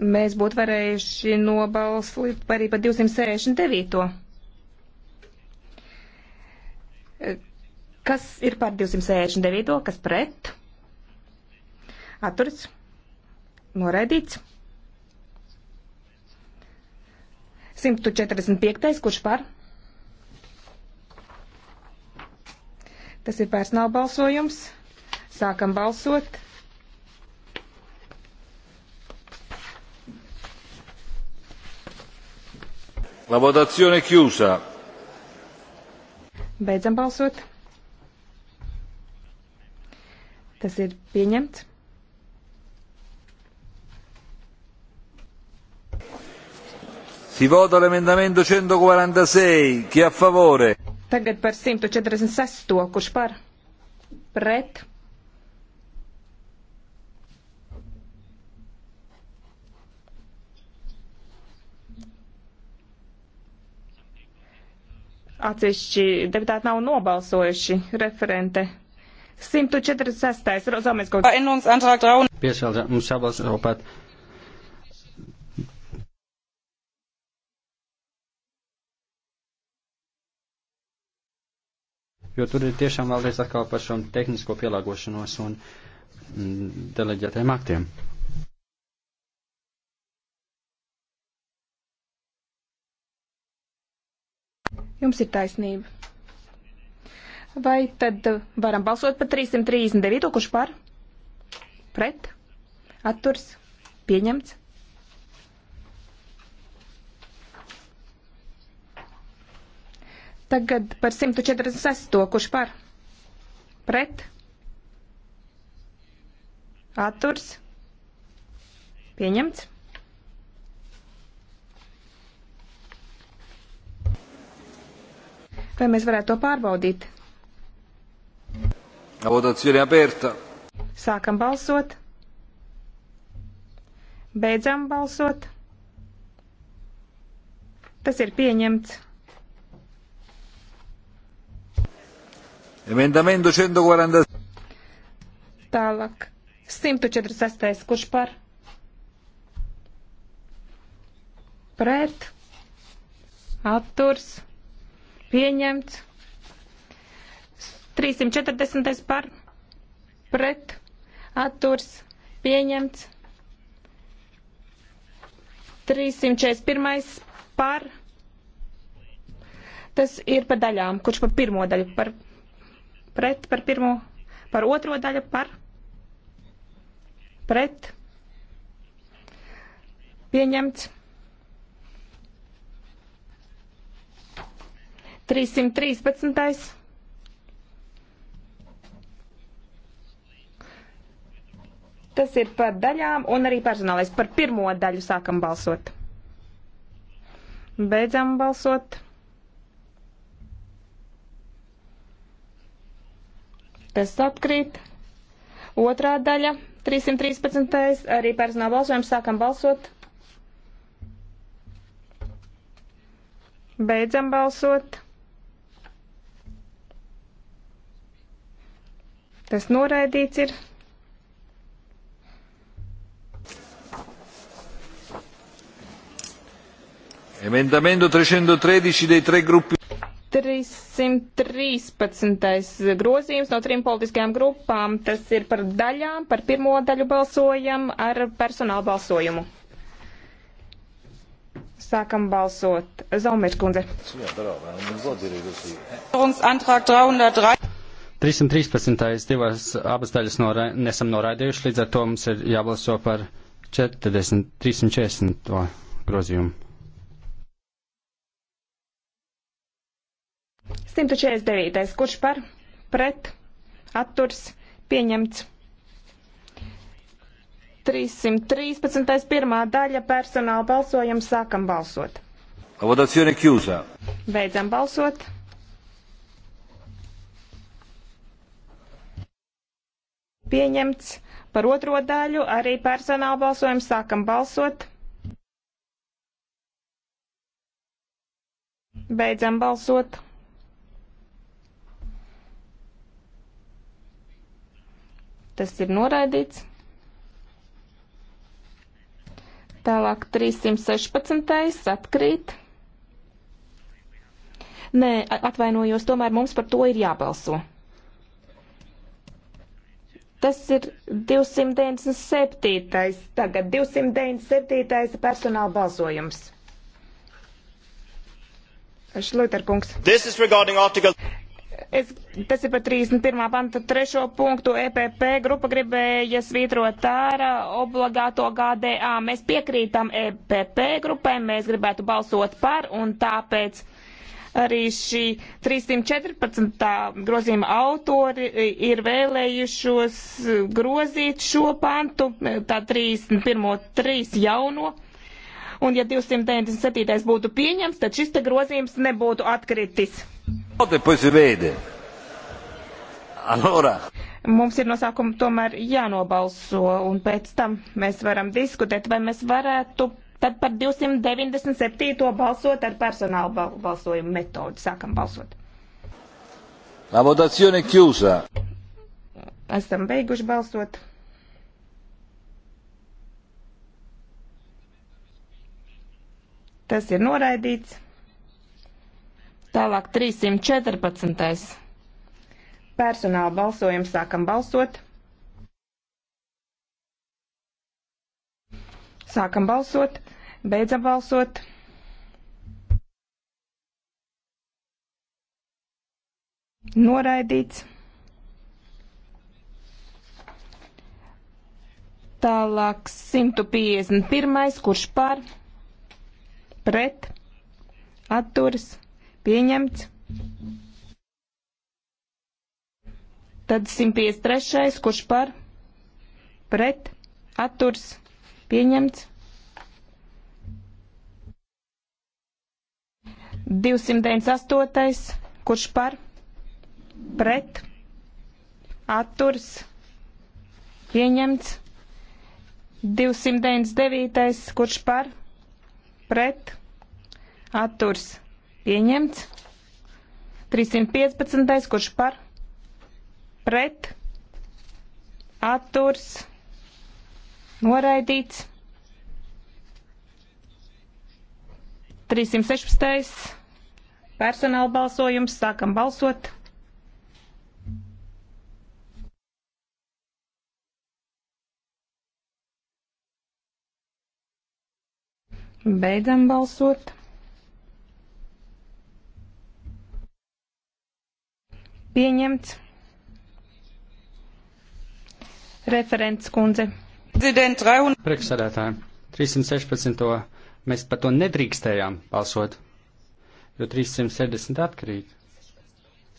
mēs būtu varējuši nobalsot arī par 269. Kas ir par 269. kas pret? Atturis. Noraidīts. 145. kurš par? Tas ir personāla balsojums. Sākam balsot. La votazione è chiusa. Beidzam balsot. Tas ir pieņemts. Si vota l'emendamento 146. Chi è a favore? Tagad par 146. Kurš par? Pret. Atsevišķi deputāti nav nobalsojuši referente. 146. Rozomēs kaut kāds. Piesaldē, mums jābalso pat. jo tur ir tiešām vēlreiz atkal par šo tehnisko pielāgošanos un mm, deleģētiem aktiem. Jums ir taisnība. Vai tad varam balsot par 339, kurš par? Pret? Atturs? Pieņemts? Tagad par 146, kurš par? Pret? Atturs? Pieņemts? Vai mēs varētu to pārbaudīt? La votazione aperta. Sākam balsot. Beidzam balsot. Tas ir pieņemts. Emendamento 140. Tālāk. 146. Kurš par? Pret. Atturs pieņemts. 340. par pret atturs pieņemts. 341. par tas ir par daļām, kurš par pirmo daļu, par pret, par pirmo, par otro daļu, par pret pieņemts. 313. Tas ir par daļām un arī personālais. Par pirmo daļu sākam balsot. Beidzam balsot. Tas atkrīt. Otrā daļa, 313. arī personāla balsojums, sākam balsot. Beidzam balsot. Tas noraidīts ir. Emendamento 313 dei tre gruppi. 313. grozījums no trim politiskajām grupām. Tas ir par daļām, par pirmo daļu balsojam ar personālu balsojumu. Sākam balsot. Zaumirs kundze. Antrag 303. 313. divas abas daļas nora, nesam noraidījuši, līdz ar to mums ir jābalso par 40, 340. grozījumu. 149. Kurš par? Pret? Atturs? Pieņemts. 313. pirmā daļa personāla balsojam, sākam balsot. Votazione chiusa. Beidzam balsot. Pieņemts par otro daļu arī personāla balsojumu. Sākam balsot. Beidzam balsot. Tas ir noraidīts. Tālāk 316. atkrīt. Nē, atvainojos, tomēr mums par to ir jābalso. Tas ir 297. tagad 297. personāla balsojums. Šluterkungs. Article... Es, tas ir par 31. panta trešo punktu. EPP grupa gribēja svītrot ārā obligāto GDA. Mēs piekrītam EPP grupai, mēs gribētu balsot par un tāpēc Arī šī 314. grozījuma autori ir vēlējušos grozīt šo pantu, tā 31. trīs jauno. Un ja 297. būtu pieņems, tad šis te grozījums nebūtu atkritis. Allora. Mums ir no sākuma tomēr jānobalso, un pēc tam mēs varam diskutēt, vai mēs varētu Tad par 297. balsot ar personālu balsojumu metodi. Sākam balsot. La votazione chiusa. Esam beiguši balsot. Tas ir noraidīts. Tālāk 314. Personāla balsojums sākam balsot. Sākam balsot, beidzam balsot. Noraidīts. Tālāk 151. kurš par, pret, atturas, pieņemts. Tad 153. kurš par, pret, atturas, pieņemts Pieņemts. 298. Kurš par? Pret. Atturs. Pieņemts. 299. Kurš par? Pret. Atturs. Pieņemts. 315. Kurš par? Pret. Atturs. Pieņemts noraidīts. 316. personāla balsojums. Sākam balsot. Beidzam balsot. Pieņemts. Referents kundze. Priekšsēdētāji, 316. mēs par to nedrīkstējām balsot, jo 360 atkrīt.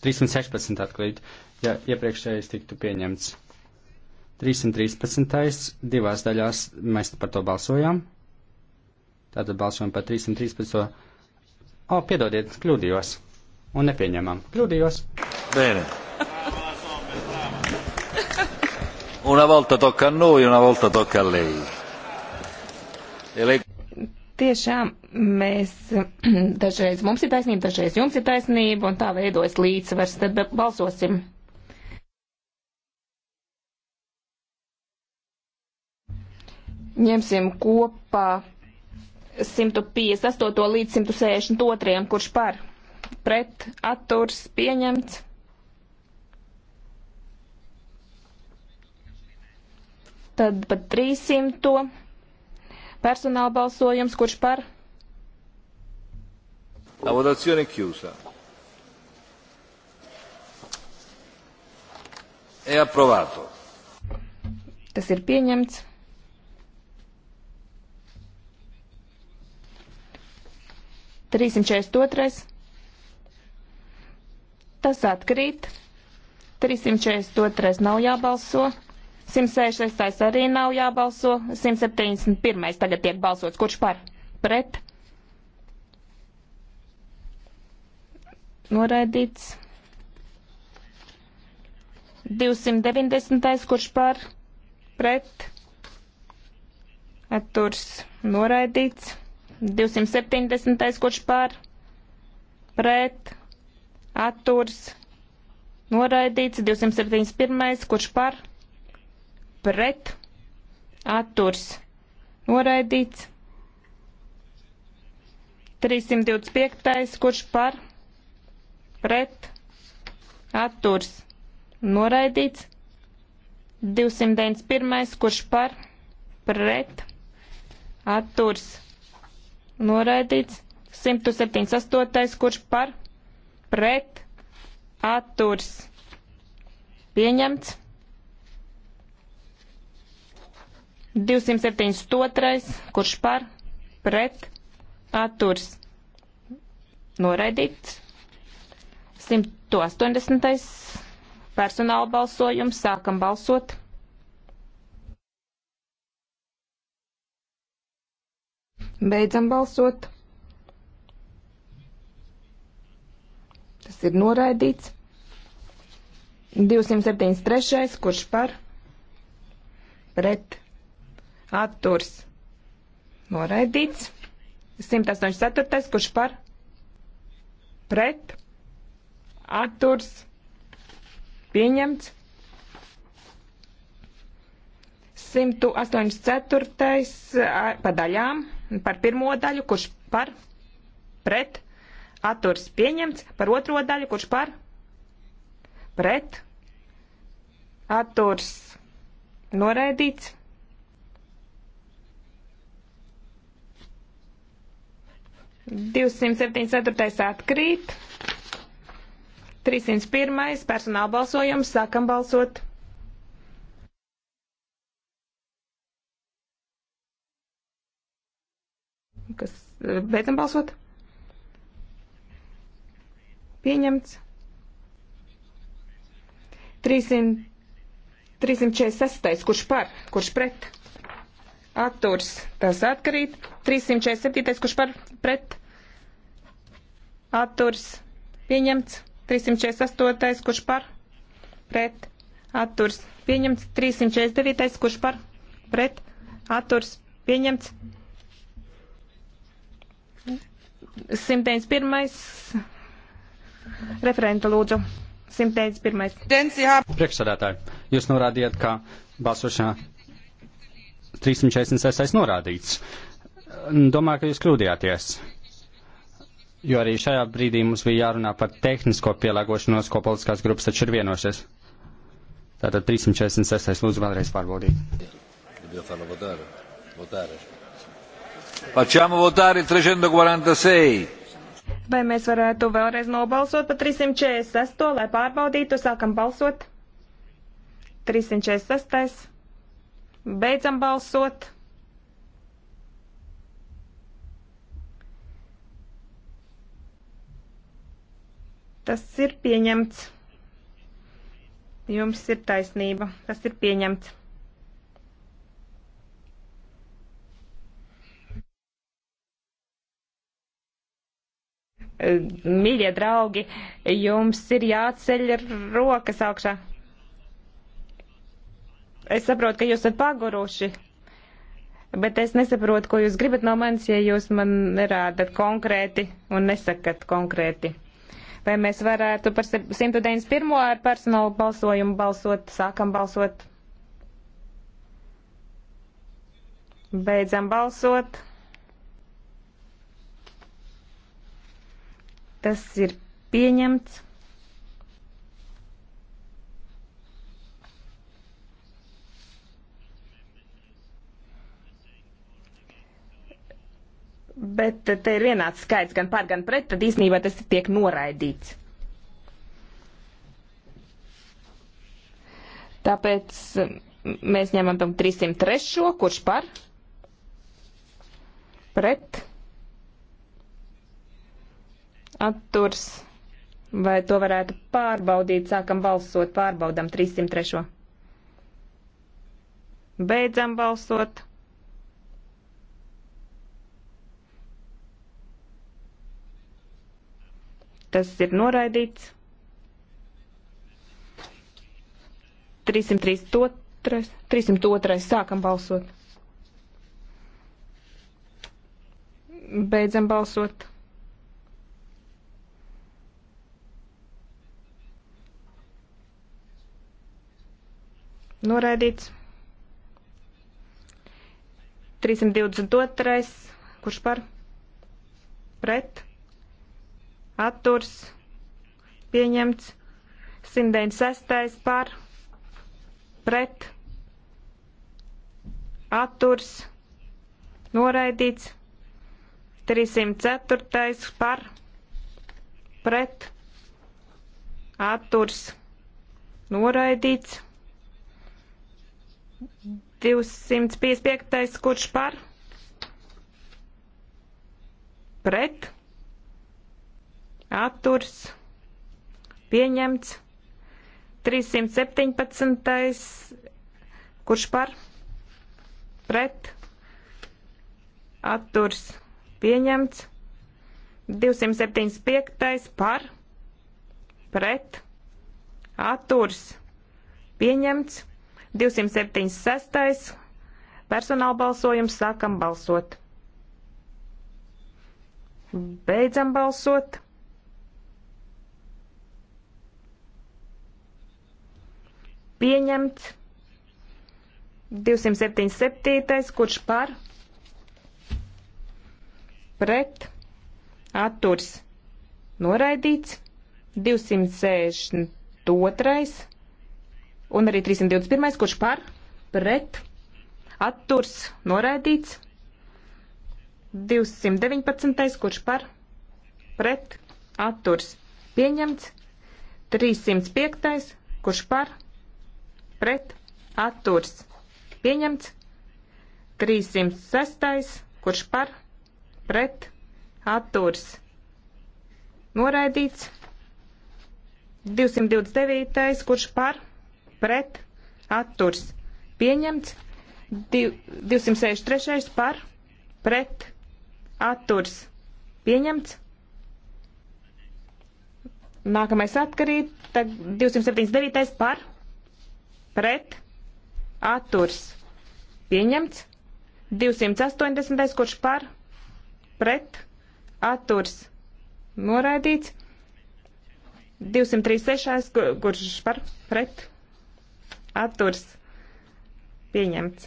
316 atkrīt, ja iepriekšējais tiktu pieņemts. 313. divās daļās mēs par to balsojām. Tātad balsojam par 313. O, piedodiet, kļūdījos. Un nepieņemam. Kļūdījos. Bēne. Una volta tocca a noi, una volta tocca a lei. E lei... Tiešām mēs dažreiz mums ir taisnība, dažreiz jums ir taisnība, un tā veidojas līdzsvars, tad balsosim. Ņemsim kopā 158 līdz 162, kurš par pret atturs pieņemts. tad par 300 personāla balsojums, kurš par? La votazione è chiusa. È e approvato. Tas ir pieņemts. Trīsimt četrdesmit otrais. Tas atkrīt. Trīsimt četrdesmit otrais nav jābalso. 166. arī nav jābalso. 171. tagad tiek balsots. Kurš par? Pret? Noraidīts. 290. kurš par? Pret? Atturs noraidīts. 270. kurš par? Pret? Atturs noraidīts. 271. kurš par? Pret? pret atturs noraidīts. 325. kurš par pret atturs noraidīts. 291. kurš par pret atturs noraidīts. 178. kurš par pret atturs pieņemts. 272. kurš par pret atturs noraidīts. 180. personāla balsojums. Sākam balsot. Beidzam balsot. Tas ir noraidīts. 273. kurš par pret atturs noraidīts. 184. kurš par pret atturs pieņemts. 184. pa daļām par pirmo daļu, kurš par pret atturs pieņemts, par otro daļu, kurš par pret atturs noraidīts. 274. atkrīt. 301. personāla balsojums. Sākam balsot. Kas beidzam balsot? Pieņemts. 300, 346. Kurš par? Kurš pret? atturs tas atkarīt. 347. kurš par pret atturs pieņemts. 348. kurš par pret atturs pieņemts. 349. kurš par pret atturs pieņemts. 101. Referenta lūdzu. 101. Priekšsādātāji, jūs norādījāt, ka balsošanā 346. norādīts. Domāju, ka jūs kļūdījāties. Jo arī šajā brīdī mums bija jārunā par tehnisko pielāgošanos, ko politiskās grupas taču ir vienošies. Tātad 346. lūdzu vēlreiz pārbaudīt. Facciamo votare 346. Vai mēs varētu vēlreiz nobalsot par 346, lai pārbaudītu, sākam balsot? 346. Beidzam balsot. Tas ir pieņemts. Jums ir taisnība. Tas ir pieņemts. Mīļie draugi, jums ir jāceļ rokas augšā. Es saprotu, ka jūs esat paguruši, bet es nesaprotu, ko jūs gribat no manis, ja jūs man nerādat konkrēti un nesakat konkrēti. Vai mēs varētu par 191. ar personālu balsojumu balsot, sākam balsot? Beidzam balsot. Tas ir pieņemts. bet te ir vienāds skaits gan par, gan pret, tad īstenībā tas tiek noraidīts. Tāpēc mēs ņemam tam 303, kurš par, pret, atturs, vai to varētu pārbaudīt, sākam balsot, pārbaudam 303. Beidzam balsot. tas ir noraidīts. 302. 302. sākam balsot. Beidzam balsot. Noraidīts. 322. Kurš par? Pret atturs pieņemts 196 par pret atturs noraidīts 304 par pret atturs noraidīts 255 kurš par pret atturs, pieņemts. 317. Kurš par? Pret. Atturs pieņemts. 275. Par. Pret. Atturs pieņemts. 276. Personāla balsojums sākam balsot. Beidzam balsot. pieņemts. 277. kurš par pret atturs noraidīts. 262. un arī 321. kurš par pret atturs noraidīts. 219. kurš par pret atturs pieņemts. 305. kurš par pret pret atturs pieņemts. 306. kurš par pret atturs noraidīts. 229. kurš par pret atturs pieņemts. 263. par pret atturs pieņemts. Nākamais atkarīt, tad 279. par pret pret, atturs pieņemts. 280. kurš par, pret, atturs noraidīts. 236. kurš par, pret, atturs pieņemts.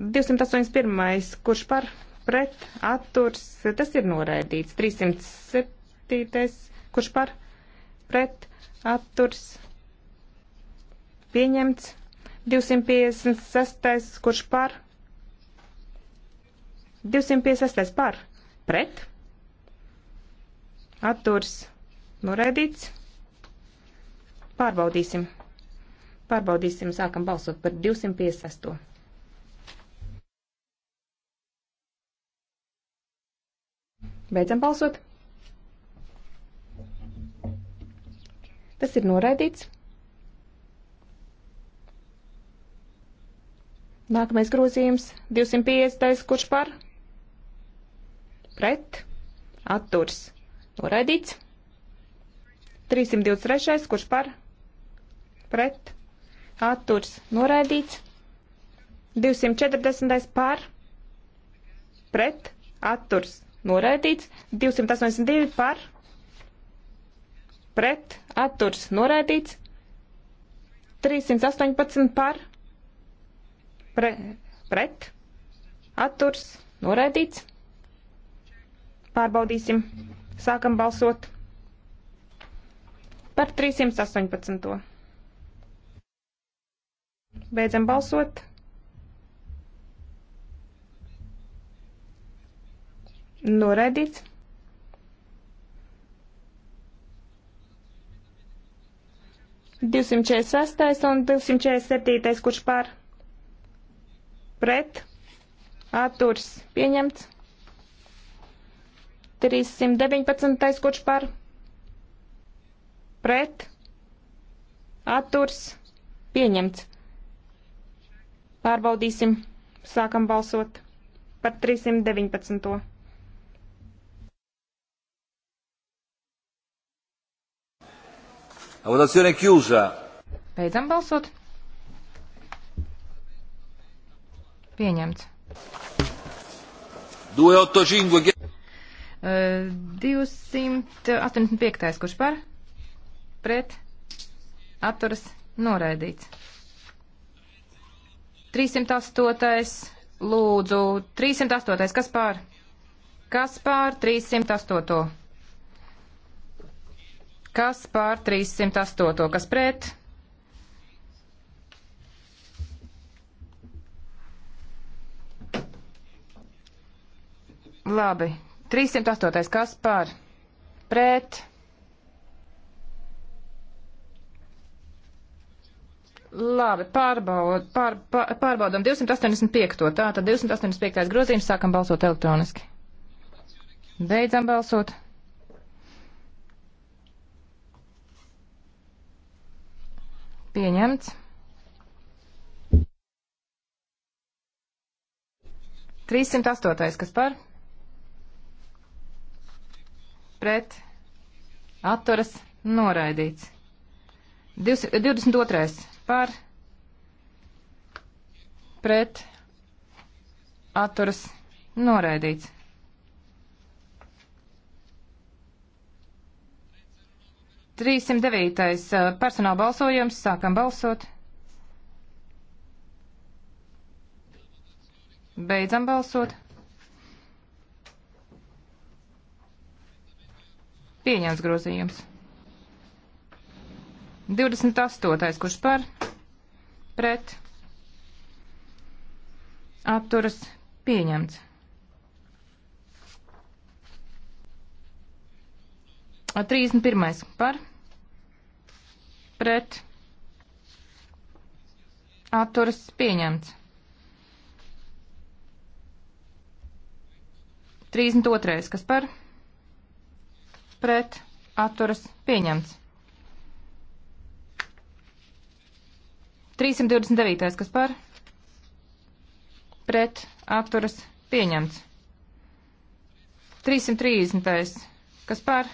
281. kurš par, pret, atturs, tas ir noraidīts. 307. kurš par, pret, atturs pieņemts. 256. kurš par? 256. par? Pret? Atturs noraidīts. Pārbaudīsim. Pārbaudīsim, sākam balsot par 256. Beidzam balsot. Tas ir noraidīts. Nākamais grozījums 250. kurš par? Pret. Atturs. Noraidīts. 323. kurš par? Pret. Atturs. Noraidīts. 240. par? Pret. Atturs. Noraidīts. 282 par? Pret. Atturs. Noraidīts. 318 par? Pret pre, pret, atturs, noraidīts. Pārbaudīsim. Sākam balsot par 318. Beidzam balsot. Noraidīts. Divsimt četrdesmit sestais un divsimt četrdesmit septītais, kurš pār pret, atturs pieņemts. 319. kurš par, pret, atturs pieņemts. Pārbaudīsim, sākam balsot par 319. La votazione è chiusa. Beidzam balsot. Pieņemts. 285. 285. Eh, kurš par? Pret. Atturas. Noraidīts. 308. Lūdzu. 308. Kas pār? Kas pār 308? Kas pār 308? Kas pret? Labi. 308. kas par pret. Labi, pārbaud, pār, pār, pārbaudam 285. Tā tad 285. grozījums sākam balsot elektroniski. Beidzam balsot. Pieņemts. 308. kas par? pret atturas noraidīts. 22. par pret atturas noraidīts. 309. Uh, personāla balsojums. Sākam balsot. Beidzam balsot. Pieņems grozījums. 28. kurš par, pret, apturas pieņemts. A, 31. par, pret, apturas pieņemts. 32. kas par, pret pret atturas pieņemts. 329. kas par pret atturas pieņemts. 330. kas par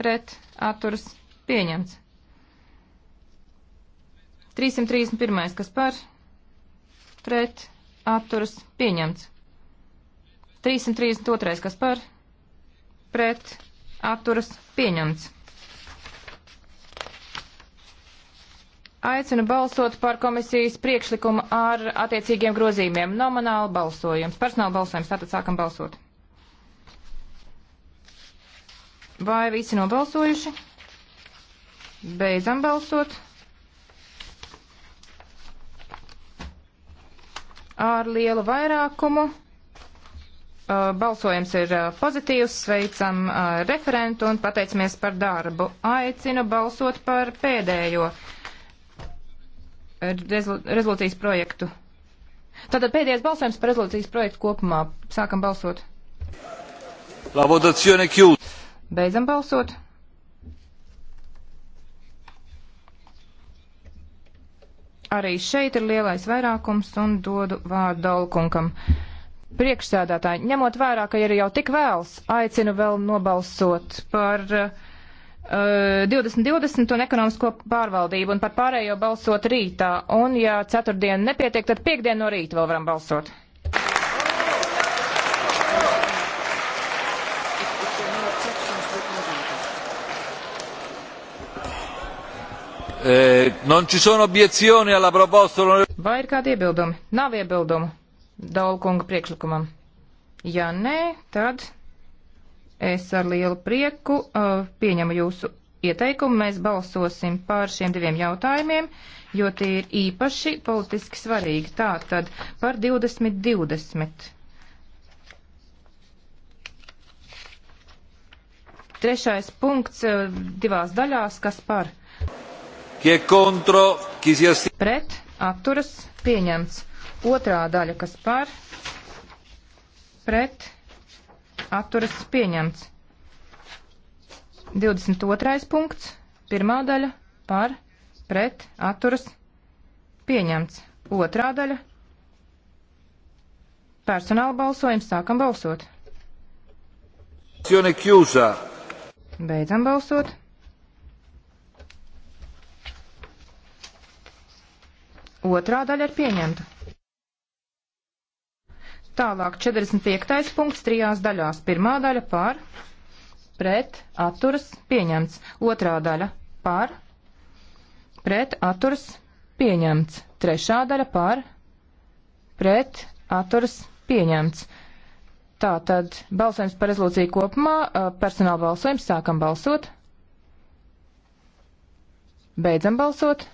pret atturas pieņemts. 331. kas par pret atturas pieņemts. 332. kas par pret atturas pieņemts. Aicinu balsot par komisijas priekšlikumu ar attiecīgiem grozījumiem. Nomināli balsojums, personāla balsojums, tātad sākam balsot. Vai visi nobalsojuši? Beidzam balsot. Ar lielu vairākumu Uh, balsojums ir uh, pozitīvs, sveicam uh, referentu un pateicamies par darbu. Aicinu balsot par pēdējo rezolūcijas projektu. Tātad pēdējais balsojums par rezolūcijas projektu kopumā. Sākam balsot. La votazione chiusa. Beidzam balsot. Arī šeit ir lielais vairākums un dodu vārdu Dalkunkam priekšsēdētāji, ņemot vērā, ka ir jau tik vēls, aicinu vēl nobalsot par uh, 2020 uh, un ekonomisko pārvaldību un par pārējo balsot rītā. Un ja ceturtdien nepietiek, tad piekdien no rīta vēl varam balsot. Eh, non ci sono obiezioni alla proposta. Vai ir kādi iebildumi? Nav iebildumu. Daulkunga priekšlikumam? Ja nē, tad es ar lielu prieku uh, pieņemu jūsu ieteikumu. Mēs balsosim par šiem diviem jautājumiem, jo tie ir īpaši politiski svarīgi. Tā tad par 2020. Trešais punkts uh, divās daļās, kas par? Pret, atturas, pieņemts. Otrā daļa, kas par, pret, atturas pieņemts. 22. punkts, pirmā daļa, par, pret, atturas pieņemts. Otrā daļa, personāla balsojums, sākam balsot. Beidzam balsot. Otrā daļa ir pieņemta. Tālāk 45. punkts trijās daļās. Pirmā daļa par, pret, atturas, pieņemts. Otrā daļa par, pret, atturas, pieņemts. Trešā daļa par, pret, atturas, pieņemts. Tātad balsojums par rezolūciju kopumā, personāla balsojums, sākam balsot, beidzam balsot.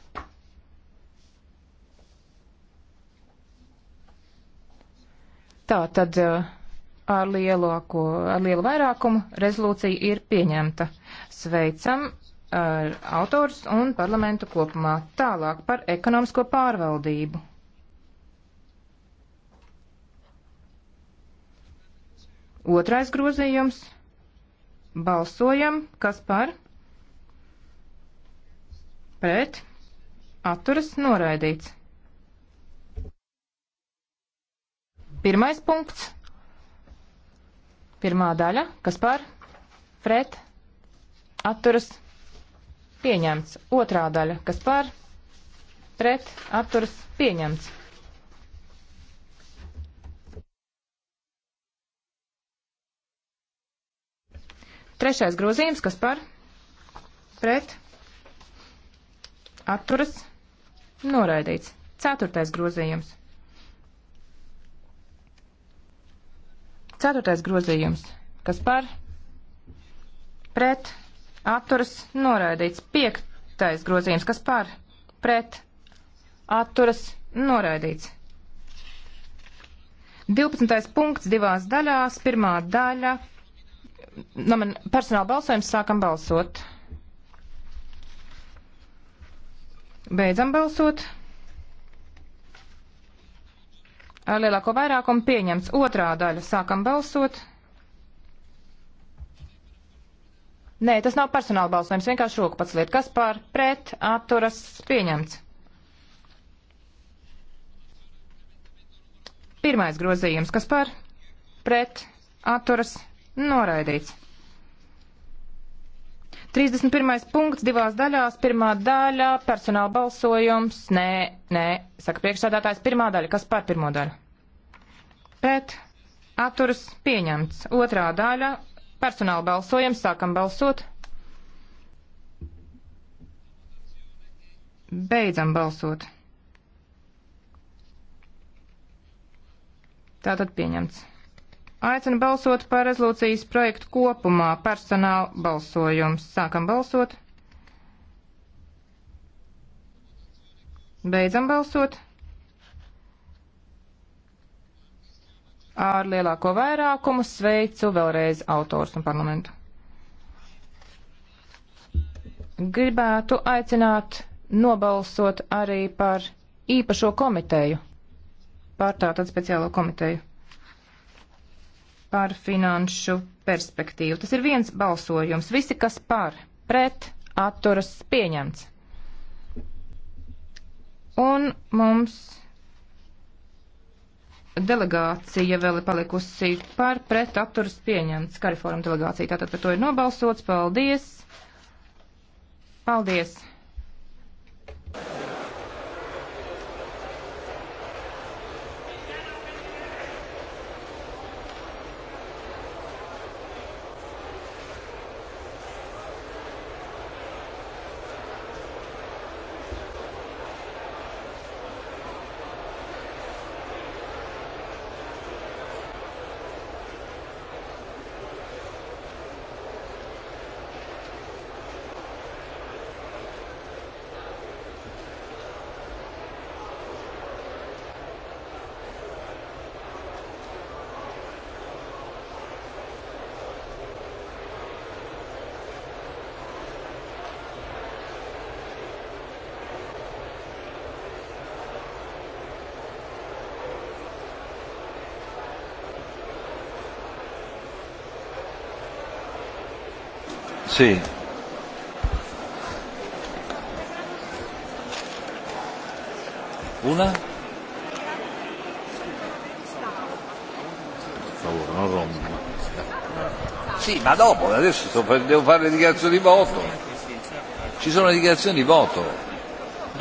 Tā tad ar, lielāko, ar lielu vairākumu rezolūcija ir pieņemta. Sveicam ar autors un parlamentu kopumā tālāk par ekonomisko pārvaldību. Otrais grozījums. Balsojam, kas par? Pret. Atturas noraidīts. Pirmais punkts. Pirmā daļa. Kas par? Pret. Atturas. Pieņemts. Otrā daļa. Kas par? Pret. Atturas. Pieņemts. Trešais grozījums. Kas par? Pret. Atturas. Noraidīts. Ceturtais grozījums. Ceturtais grozījums. Kas par? Pret. Atturas noraidīts. Piektais grozījums. Kas par? Pret. Atturas noraidīts. 12. punkts divās daļās. Pirmā daļa. No man personāla balsojums sākam balsot. Beidzam balsot. ar lielāko vairākumu pieņemts. Otrā daļa. Sākam balsot. Nē, tas nav personāla balsojums, vienkārši roku pats liet. Kas par pret atturas pieņemts? Pirmais grozījums. Kas par pret atturas noraidīts? 31. punkts divās daļās. Pirmā daļa - personāla balsojums. Nē, nē, saka priekšsādātājs. Pirmā daļa - kas par pirmo daļu? pret atturas pieņemts. Otrā daļa personāla balsojam, sākam balsot. Beidzam balsot. Tātad pieņemts. Aicinu balsot par rezolūcijas projektu kopumā personāla balsojums. Sākam balsot. Beidzam balsot. ar lielāko vairākumu sveicu vēlreiz autors un parlamentu. Gribētu aicināt nobalsot arī par īpašo komiteju, par tātad speciālo komiteju, par finanšu perspektīvu. Tas ir viens balsojums. Visi, kas par, pret, atturas pieņemts. Un mums delegācija vēl ir palikusi par pret atturas pieņemts. Kariforum delegācija tātad par to ir nobalsots. Paldies! Paldies! Sí. Una. Per favore, non rompa. Sì, ma dopo, adesso sto per, devo fare le dichiarazioni di voto. Ci sono le dichiarazioni di voto.